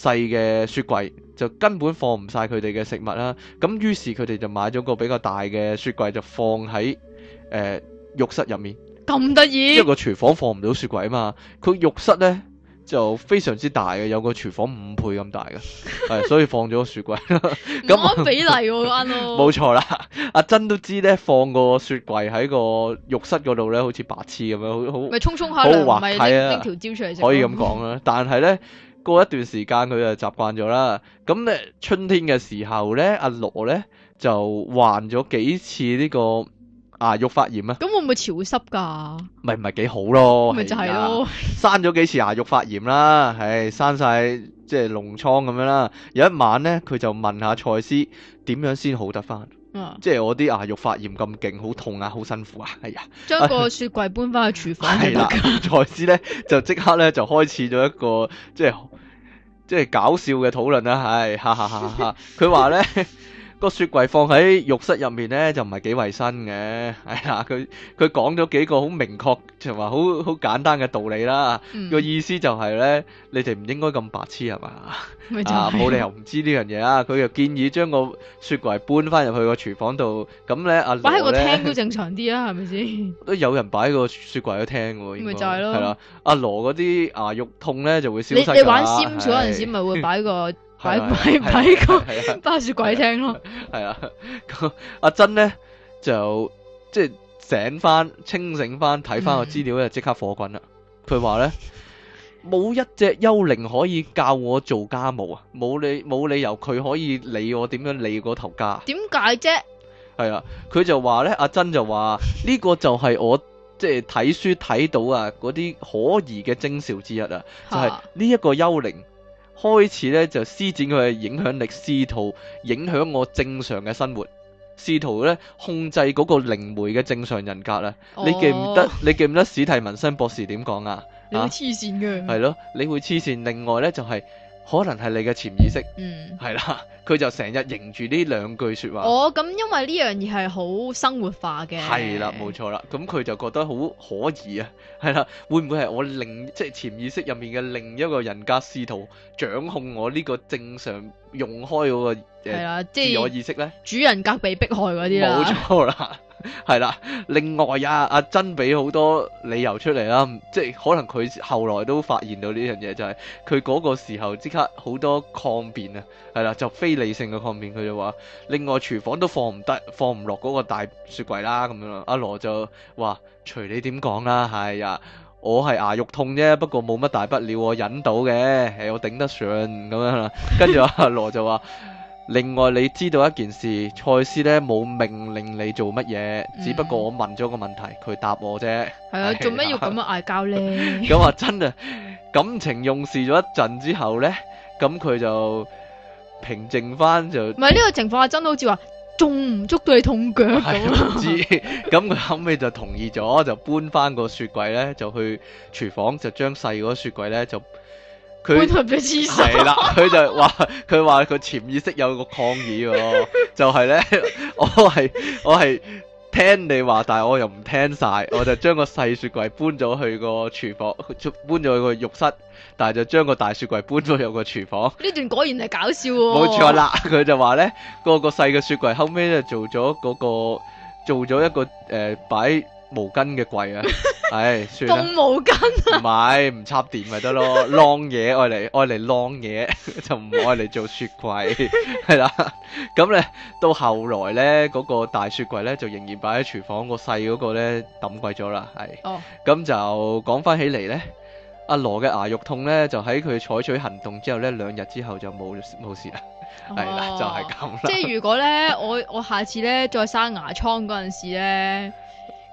細嘅雪櫃。就根本放唔晒佢哋嘅食物啦，咁於是佢哋就買咗個比較大嘅雪櫃，就放喺誒、呃、浴室入面。咁得意？因為個廚房放唔到雪櫃啊嘛，佢浴室咧就非常之大嘅，有個廚房五倍咁大嘅，係 所以放咗個雪櫃。咁冇 這樣 比例嗰間咯。嗰個，冇錯 啦，阿珍都知咧，放個雪櫃喺個浴室嗰度咧，好似白痴咁樣，好好，咪沖冲下咯，唔係拎條蕉出嚟，可以咁講啦。 但係咧。過一段時間佢就習慣咗啦。咁咧春天嘅時候咧，阿羅咧就患咗幾次呢個牙肉發炎啊。咁會唔會潮濕噶？咪係唔係幾好咯。咪、嗯啊、就係咯，生咗幾次牙肉發炎啦，唉，生晒即係膿瘡咁樣啦。有一晚咧，佢就問下蔡司點樣先好得翻？嗯、即係我啲牙肉發炎咁勁，好痛啊，好辛苦啊，哎呀！將個雪櫃搬翻去廚房。係啦， 蔡司咧就即刻咧就開始咗一個 即係。即係搞笑嘅討論啦，唉，哈哈哈！哈哈，佢話咧。 個雪櫃放喺浴室入面咧，就唔係幾衛生嘅。係啊，佢佢講咗幾個好明確，就話好好簡單嘅道理啦。個意思就係咧，你哋唔應該咁白痴係嘛，啊冇理由唔知呢樣嘢啊。佢又建議將個雪櫃搬翻入去個廚房度。咁咧，阿擺喺個廳都正常啲啊，係咪先？都有人擺個雪櫃喺廳喎。咪就係咯。係啦，阿羅嗰啲牙肉痛咧就會消失。你你玩 Sim 嗰陣時咪會擺個？擺擺擺個巴士鬼聽咯。係啊，阿珍咧就即係醒翻，清醒翻睇翻個資料咧，即刻火滾啦。佢話咧，冇一隻幽靈可以教我做家務啊，冇理冇理由佢可以理我點樣理個頭家。點解啫？係啊，佢就話咧，阿、啊、珍就話呢、這個就係我即係睇書睇到啊，嗰啲可疑嘅徵兆之一啊，就係呢一個幽靈。開始咧就施展佢嘅影響力，試圖影響我正常嘅生活，試圖咧控制嗰個靈媒嘅正常人格啊！Oh. 你記唔得？你記唔得史提文森博士點講啊？你會黐線嘅，係咯，你會黐線。另外咧就係、是。可能係你嘅潛意識，嗯係啦，佢就成日迎住呢兩句說話。哦，咁因為呢樣嘢係好生活化嘅。係啦，冇錯啦，咁佢就覺得好可疑啊，係啦，會唔會係我另即係潛意識入面嘅另一個人格試圖掌控我呢個正常用開嗰個係啦，即係自我意識咧？就是，主人格被迫害嗰啲啦。冇錯啦。係啦， 另外啊，阿珍俾好多理由出嚟啦，即係可能佢後來都發現到呢樣嘢，就係佢嗰個時候即刻好多抗辯啊，係啦，就非理性嘅抗辯，佢就話另外廚房都放唔得，放唔落嗰個大雪櫃啦，咁樣，阿羅就話隨你點講啦，係呀、啊，我係牙肉痛啫，不過冇乜大不了，我忍到嘅，誒，我頂得上咁樣啦，跟住阿羅就話。 另外，你知道一件事，賽斯咧冇命令你做乜嘢，嗯、只不過我問咗個問題，佢答我啫。係啊，做咩要咁樣嗌交咧？咁話真啊，感情用事咗一陣之後咧，咁佢就平靜翻就唔係。唔係呢個情況係真，好似話仲唔捉到你痛腳咁、啊。唔知，咁佢 後尾就同意咗，就搬翻個雪櫃咧，就去廚房就將細個雪櫃咧就。佢係啦，佢他就話佢話佢潛意識有一個抗議喎， 就係咧，我係我係聽你話，但係我又唔聽晒，我就將個細雪櫃搬咗去個廚房，搬咗去個浴室，但係就將個大雪櫃搬咗入個廚房。呢段果然係搞笑喎。冇錯啦，佢就話咧，個個細嘅雪櫃後尾就做咗嗰、嗰個做咗一個誒擺。呃擺毛巾嘅櫃啊，係、 哎、算啦。毛巾唔係唔插電咪得咯，晾嘢愛嚟愛嚟晾嘢就唔愛嚟做雪櫃，係啦。 咁、嗯、咧到後來咧，嗰、那個大雪櫃咧就仍然擺喺廚房，那個細嗰個咧抌鬼咗啦，係。哦。咁、oh. 嗯、就講翻起嚟咧，阿羅嘅牙肉痛咧，就喺佢採取行動之後咧，兩日之後就冇冇事啦，係啦、oh.，就係咁啦。即係如果咧，我我下次咧再生牙瘡嗰陣時咧。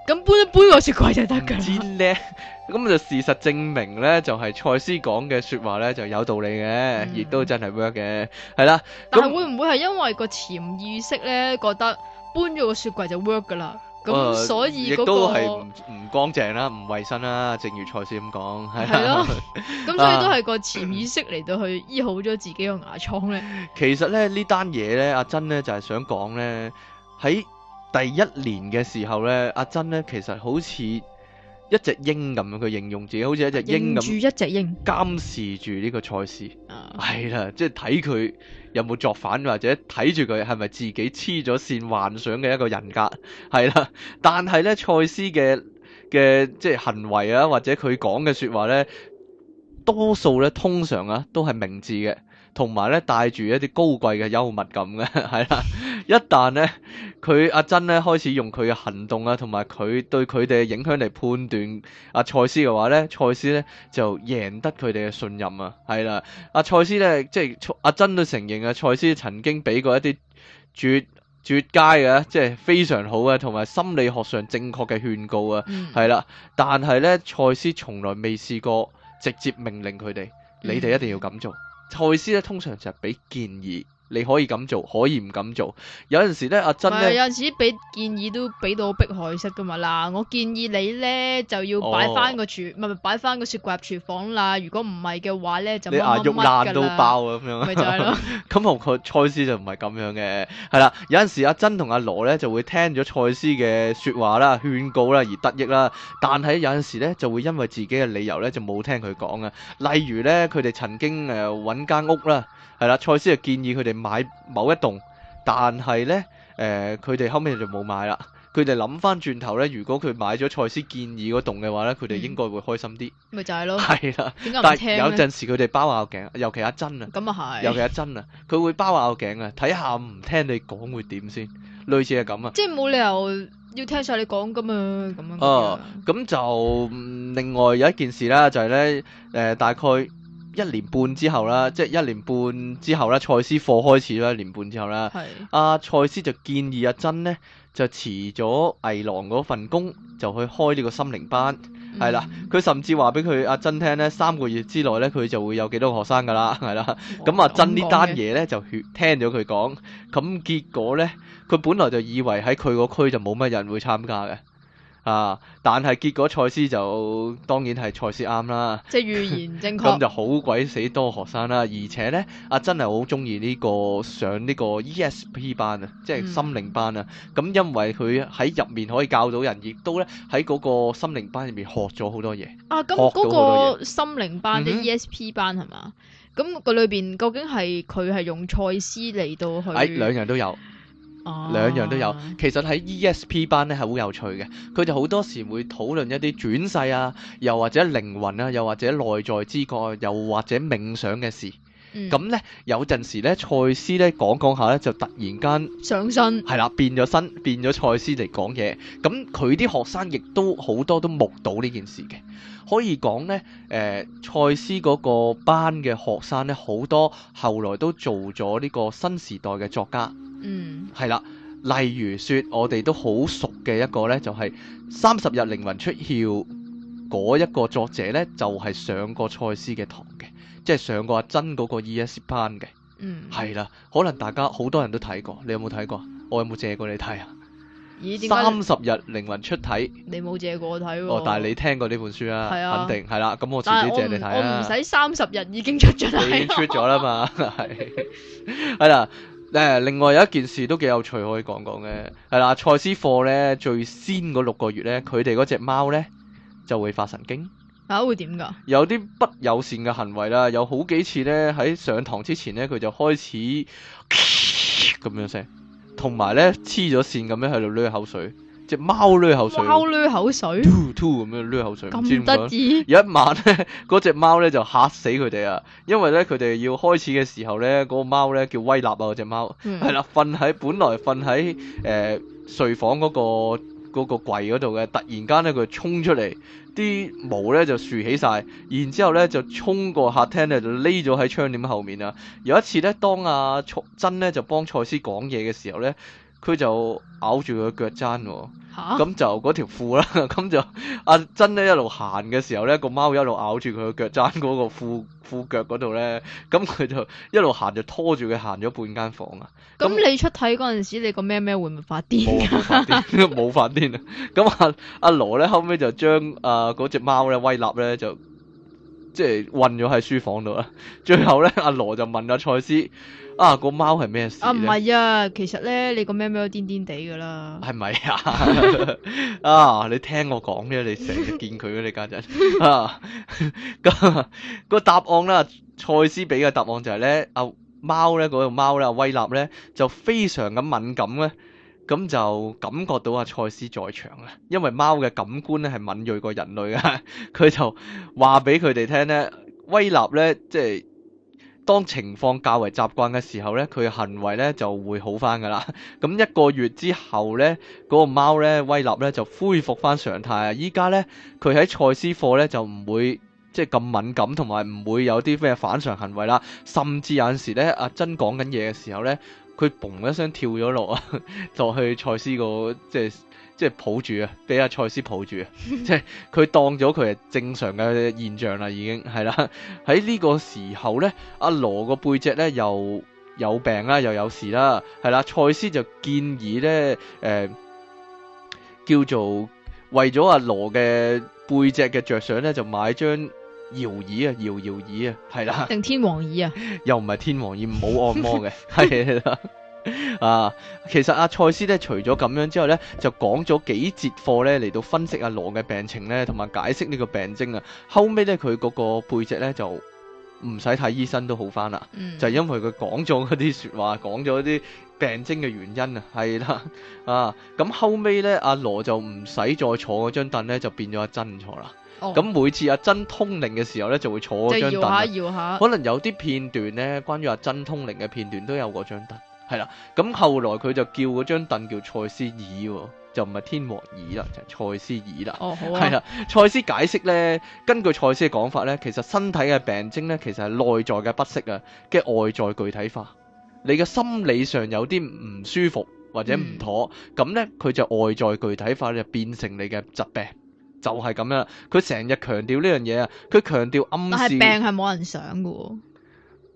咁搬一搬個雪櫃就得噶啦。咁 就事實證明咧，就係賽斯講嘅說話咧，就有道理嘅，亦、嗯、都真係 work 嘅，係啦。但係那會唔會係因為個潛意識咧，覺得搬咗個雪櫃就 work 噶啦？咁、哦、所以亦、那個、都係唔唔乾淨啦，唔衛生啦，正如賽斯咁講。係咯的，咁 所以都係個潛意識嚟到去醫好咗自己個牙瘡咧。 其實咧呢單嘢咧，阿珍咧就係、是、想講咧喺。第一年嘅時候咧，阿珍咧其實好似一隻鷹咁樣，佢形容自己好似一隻鷹咁，監視住一隻鷹，監視住呢個賽斯，係啦，即係睇佢有冇作反，或者睇住佢係咪自己黐咗線幻想嘅一個人格，係啦。但係咧，賽斯嘅嘅即係行為啊，或者佢講嘅說話咧，多數咧通常啊都係明智嘅。同埋咧，帶住一啲高貴嘅幽默感嘅，係啦。一旦咧，佢阿珍咧開始用佢嘅行動啊，同埋佢對佢哋嘅影響嚟判斷阿賽斯嘅話咧，賽斯咧就贏得佢哋嘅信任啊，係啦。阿賽斯咧即係阿珍都承認啊，賽斯曾經俾過一啲絕絕佳嘅，即係非常好嘅，同埋心理學上正確嘅勸告啊，係啦、嗯。但係咧，賽斯從來未試過直接命令佢哋，你哋一定要咁做。賽斯咧通常就係俾建議。你可以咁做，可以唔咁做。有陣時咧，阿珍咧，有陣時俾建議都俾到迫害式噶嘛啦。我建議你咧就要擺翻個廚唔係擺翻個雪櫃入廚房啦。如果唔係嘅話咧，就默默默你阿、啊、肉爛到爆咁樣。咁就係咯。咁同佢賽斯就唔係咁樣嘅。係啦，有陣時阿珍同阿羅咧就會聽咗賽斯嘅說話啦、勸告啦而得益啦。但係有陣時咧就會因為自己嘅理由咧就冇聽佢講啊。例如咧，佢哋曾經誒揾、呃、間屋啦。係啦，賽斯就建議佢哋買某一棟，但係咧，誒佢哋後尾就冇買啦。佢哋諗翻轉頭咧，如果佢買咗賽斯建議嗰棟嘅話咧，佢哋應該會開心啲。咪、嗯、就係、是、咯。係啦 的，聽但係有陣時佢哋包拗頸，尤其是阿珍啊。咁啊係。尤其阿珍啊，佢會包拗頸啊，睇下唔聽你講會點先。類似係咁啊。即係冇理由要聽晒你講噶嘛，咁樣、就是。啊、哦，咁就另外有一件事啦、就是，就係咧，誒大概。一年半之後啦，即、就、係、是、一年半之後啦，賽斯課開始啦。一年半之後啦，阿是的、啊、賽斯就建議阿珍咧，就辭咗偽狼嗰份工，就去開呢個心靈班。係啦、嗯，佢甚至話俾佢阿珍聽咧，三個月之內咧，佢就會有幾多少個學生噶啦，係啦。咁哇啊珍，珍呢單嘢咧就聽咗佢講，咁結果咧，佢本來就以為喺佢個區就冇乜人會參加嘅。啊！但係結果賽斯就當然係賽斯啱啦，即係預言正確。咁 就好鬼死多學生啦，而且咧啊，真係好中意呢個上呢個 ESP 班啊，即係心靈班啊。咁、嗯、因為佢喺入面可以教到人，亦都咧喺嗰個心靈班入面學咗好多嘢。啊，咁、嗯、嗰個心靈班啲 ESP 班係嘛？咁佢、嗯、哼裏邊究竟係佢係用賽斯嚟到去？誒、哎，兩樣都有。兩樣都有，啊、其實喺 E S P 班咧係好有趣嘅，佢哋好多時會討論一啲轉世啊，又或者靈魂啊，又或者內在知覺、啊，又或者冥想嘅事。咁、嗯、呢，有陣時呢，賽斯呢講講下呢，就突然間上身係啦，變咗身，變咗賽斯嚟講嘢。咁佢啲學生亦都好多都目睹呢件事嘅，可以講呢，誒、呃，賽斯嗰個班嘅學生呢，好多後來都做咗呢個新時代嘅作家。嗯，係啦，例如說，我哋都好熟嘅一個呢，就係三十日靈魂出竅嗰一個作者呢，就係、是、上過賽斯嘅堂嘅，即係上過阿珍嗰個 ESP 班嘅。嗯，係啦，可能大家好多人都睇過，你有冇睇過？我有冇借過你睇啊？三十日靈魂出體，你冇借過我睇喎。哦，但係你聽過呢本書啊？啊，肯定係啦。咁我自己借你睇啊。我唔使三十日已經出咗啦。已經出咗啦嘛，係係啦。誒，另外有一件事都幾有趣，可以講講嘅係啦。賽斯課呢，最先嗰六個月呢，佢哋嗰隻貓呢就會發神經，吓、啊、會點噶？有啲不友善嘅行為啦，有好幾次呢，喺上堂之前呢，佢就開始咁樣聲，同埋呢黐咗綫咁樣喺度甩口水。隻貓捋口水，貓捋口水嘟嘟 o t w 咁樣捋口水，咁得意。有一晚咧，嗰隻貓咧就嚇死佢哋啊！因為咧佢哋要開始嘅時候咧，嗰個貓咧叫威立啊，隻貓係啦，瞓喺、嗯、本來瞓喺誒睡房嗰、嗰個、嗰個櫃嗰度嘅，突然間咧佢衝出嚟，啲毛咧就豎起晒，然之後咧就衝過客廳咧就匿咗喺窗簾後面啦。有一次咧，當阿珍咧就幫賽斯講嘢嘅時候咧。佢就咬住佢嘅腳踭，咁蛤就嗰條褲啦，咁就阿珍咧一路行嘅時候咧，個貓一路咬住佢嘅腳踭嗰個褲褲腳嗰度咧，咁佢就一路行就拖住佢行咗半間房啊！咁你出體嗰陣時，你個咩咩會唔會發癲㗎？冇發癲，冇發癲啊！咁阿阿羅咧後尾就將誒嗰隻貓咧威立咧就。即係暈咗喺書房度啦，最後咧阿羅就問阿、啊、賽斯：啊「那貓是什麼啊個貓係咩事？啊唔係啊，其實咧你個喵喵都癲癲地噶啦，係咪啊？ 啊你聽我講啫，你成日見佢嘅你家陣啊，咁、啊 咁個答案啦，賽斯俾嘅答案就係、是、咧，阿貓咧嗰個貓咧、啊、威納咧就非常咁敏感咧。咁就感覺到阿賽斯在場啦，因為貓嘅感官咧係敏鋭過人類嘅，佢就話俾佢哋聽咧，威立咧即係當情況較為習慣嘅時候咧，佢嘅行為咧就會好翻噶啦。咁一個月之後咧，嗰個貓咧威立咧就恢復翻常態。依家咧佢喺賽斯課咧就唔會即係咁敏感，同埋唔會有啲咩反常行為啦。甚至有陣時咧，阿珍講緊嘢嘅時候咧。佢嘣一聲跳咗落啊，落 去賽斯個即係即係抱住啊，俾阿賽斯抱住啊， 即係佢當咗佢係正常嘅現象啦，已經係啦。喺呢個時候咧，阿羅個背脊咧又有病啦，又有事啦，係啦。賽斯就建議咧，誒、呃、叫做為咗阿羅嘅背脊嘅着想咧，就買張，搖椅啊，搖搖椅啊，係啦，定天王椅啊，又唔係天王椅，唔好按摩嘅，係啦， 啊，其實阿、啊、賽斯咧除咗咁樣之後咧，就講咗幾節課咧嚟，到分析阿、啊、羅嘅病情咧，同埋解釋呢個病徵啊，後尾咧佢嗰個背脊咧就。唔使睇醫生都好翻啦，嗯、就因為佢講咗嗰啲說話，講咗啲病徵嘅原因啊，係啦，啊，咁後尾咧，阿羅就唔使再坐嗰張凳咧，就變咗阿珍坐啦。咁、哦、每次阿珍通靈嘅時候咧，就會坐嗰張凳。搖下搖下。可能有啲片段咧，關於阿珍通靈嘅片段都有嗰張凳，係啦。咁後來佢就叫嗰張凳叫賽斯椅喎。就唔係天和耳啦，就係、是、賽斯耳啦。哦，好啊。係啦，賽斯解釋咧，根據賽斯嘅講法咧，其實身體嘅病徵咧，其實係內在嘅不適啊嘅外在具體化。你嘅心理上有啲唔舒服或者唔妥，咁咧佢就外在具體化，就變成你嘅疾病，就係、是、咁樣。佢成日強調呢樣嘢啊，佢強調暗示。但係病係冇人想嘅，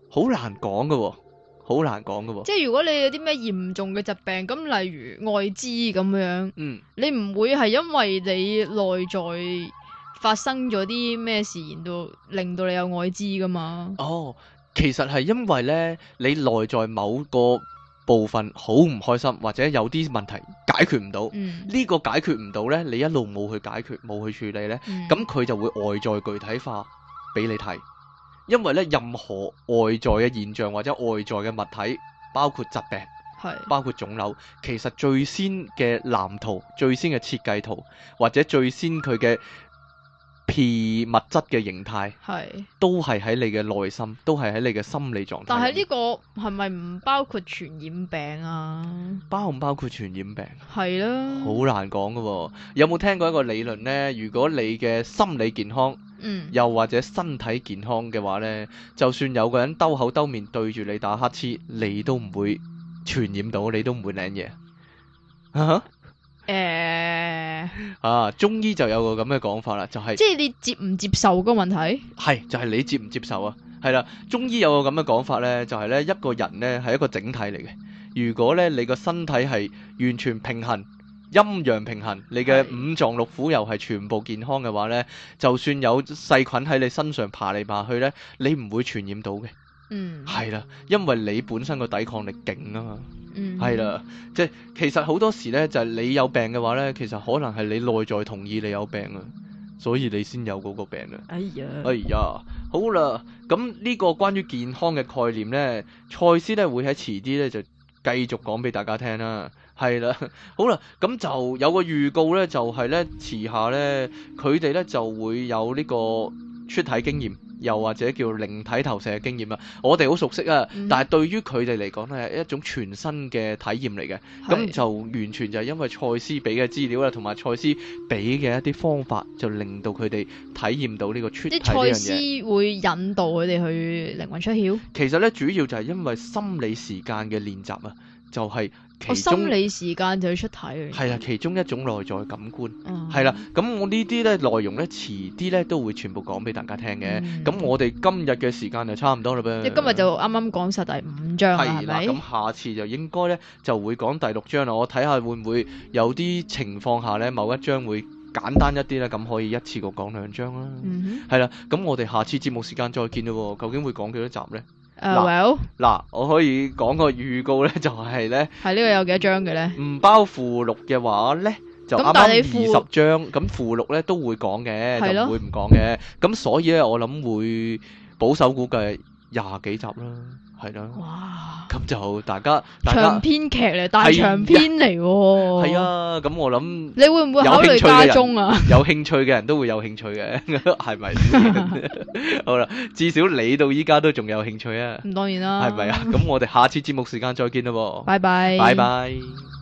好難講嘅喎。好難講噶喎，即係如果你有啲咩嚴重嘅疾病，咁例如外資咁樣，嗯，你唔會係因為你內在發生咗啲咩事，然到令到你有外資噶嘛？哦，其實係因為呢，你內在某個部分好唔開心，或者有啲問題解決唔到，呢、嗯、個解決唔到呢，你一路冇去解決，冇去處理呢，咁佢、嗯、就會外在具體化俾你睇。因為咧，任何外在嘅現象或者外在嘅物體，包括疾病，係是包括腫瘤，其實最先嘅藍圖、最先嘅設計圖或者最先佢嘅皮物質嘅形態，係是都係喺你嘅內心，都係喺你嘅心理狀態。但係呢個係咪唔包括傳染病啊？包唔包括傳染病？係啦的，好難講噶、哦。有冇聽過一個理論呢？如果你嘅心理健康，嗯，又或者身體健康嘅話呢，就算有個人兜口兜面對住你打乞嗤，你都唔會傳染到，你都唔會領嘢。啊、呃、啊！中醫就有個咁嘅講法啦，就係、是、即係你接唔接受嘅問題。係，就係、是、你接唔接受啊？係啦，中醫有個咁嘅講法呢，就係呢：一個人呢係一個整體嚟嘅。如果呢，你個身體係完全平衡。陰陽平衡，你嘅五臟六腑又係全部健康嘅話呢是就算有細菌喺你身上爬嚟爬去呢，你唔會傳染到嘅。嗯，係啦，因為你本身個抵抗力勁啊嘛。嗯，係啦，即係其實好多時呢，就係、是、你有病嘅話呢，其實可能係你內在同意你有病啊，所以你先有嗰個病啊。哎呀，哎呀，好啦，咁呢個關於健康嘅概念呢，賽斯呢會喺遲啲呢就繼續講俾大家聽啦。係啦，好啦，咁就有個預告咧，就係、是、咧，遲下咧，佢哋咧就會有呢個出體經驗，又或者叫靈體投射嘅經驗啦。我哋好熟悉啊，嗯、但係對於佢哋嚟講咧，係一種全新嘅體驗嚟嘅。咁是就完全就係因為賽斯俾嘅資料啦，同埋賽斯俾嘅一啲方法，就令到佢哋體驗到呢個出體嘅樣嘢。即係賽斯會引導佢哋去靈魂出竅。其實咧，主要就係因為心理時間嘅練習啊，就係、是。我、哦、心理時間就要出體嘅，係啊，其中一種內在感官，係啦、嗯。咁、啊、我這些呢啲咧內容咧，遲啲咧都會全部講俾大家聽嘅。咁、嗯、我哋今日嘅時間就差唔多啦噃。即今日就啱啱講晒第五章，係咪、啊？咁吧下次就應該咧就會講第六章啦。我睇下會唔會有啲情況下咧，某一章會簡單一啲咧，咁可以一次過講兩章啦。係啦、嗯，咁、啊、我哋下次節目時間再見啦。喎，究竟會講幾多集咧？嗱嗱，我可以講個預告咧，就係咧，係呢個有幾多章嘅咧？唔包附錄嘅話咧，就啱啱二十章，咁附錄咧都會講嘅，就唔會唔講嘅。咁所以咧，我諗會保守估計廿幾集啦。係咯，咁哇就好大家長篇劇嚟，大長篇嚟。係啊，咁、啊啊、我諗你會唔會考慮家中啊？有興趣嘅人都會有興趣嘅，係 咪是？ 好啦，至少你到依家都仲有興趣啊。咁當然啦，係咪啊？咁 我哋下次節目時間再見啦，拜拜 bye，拜拜。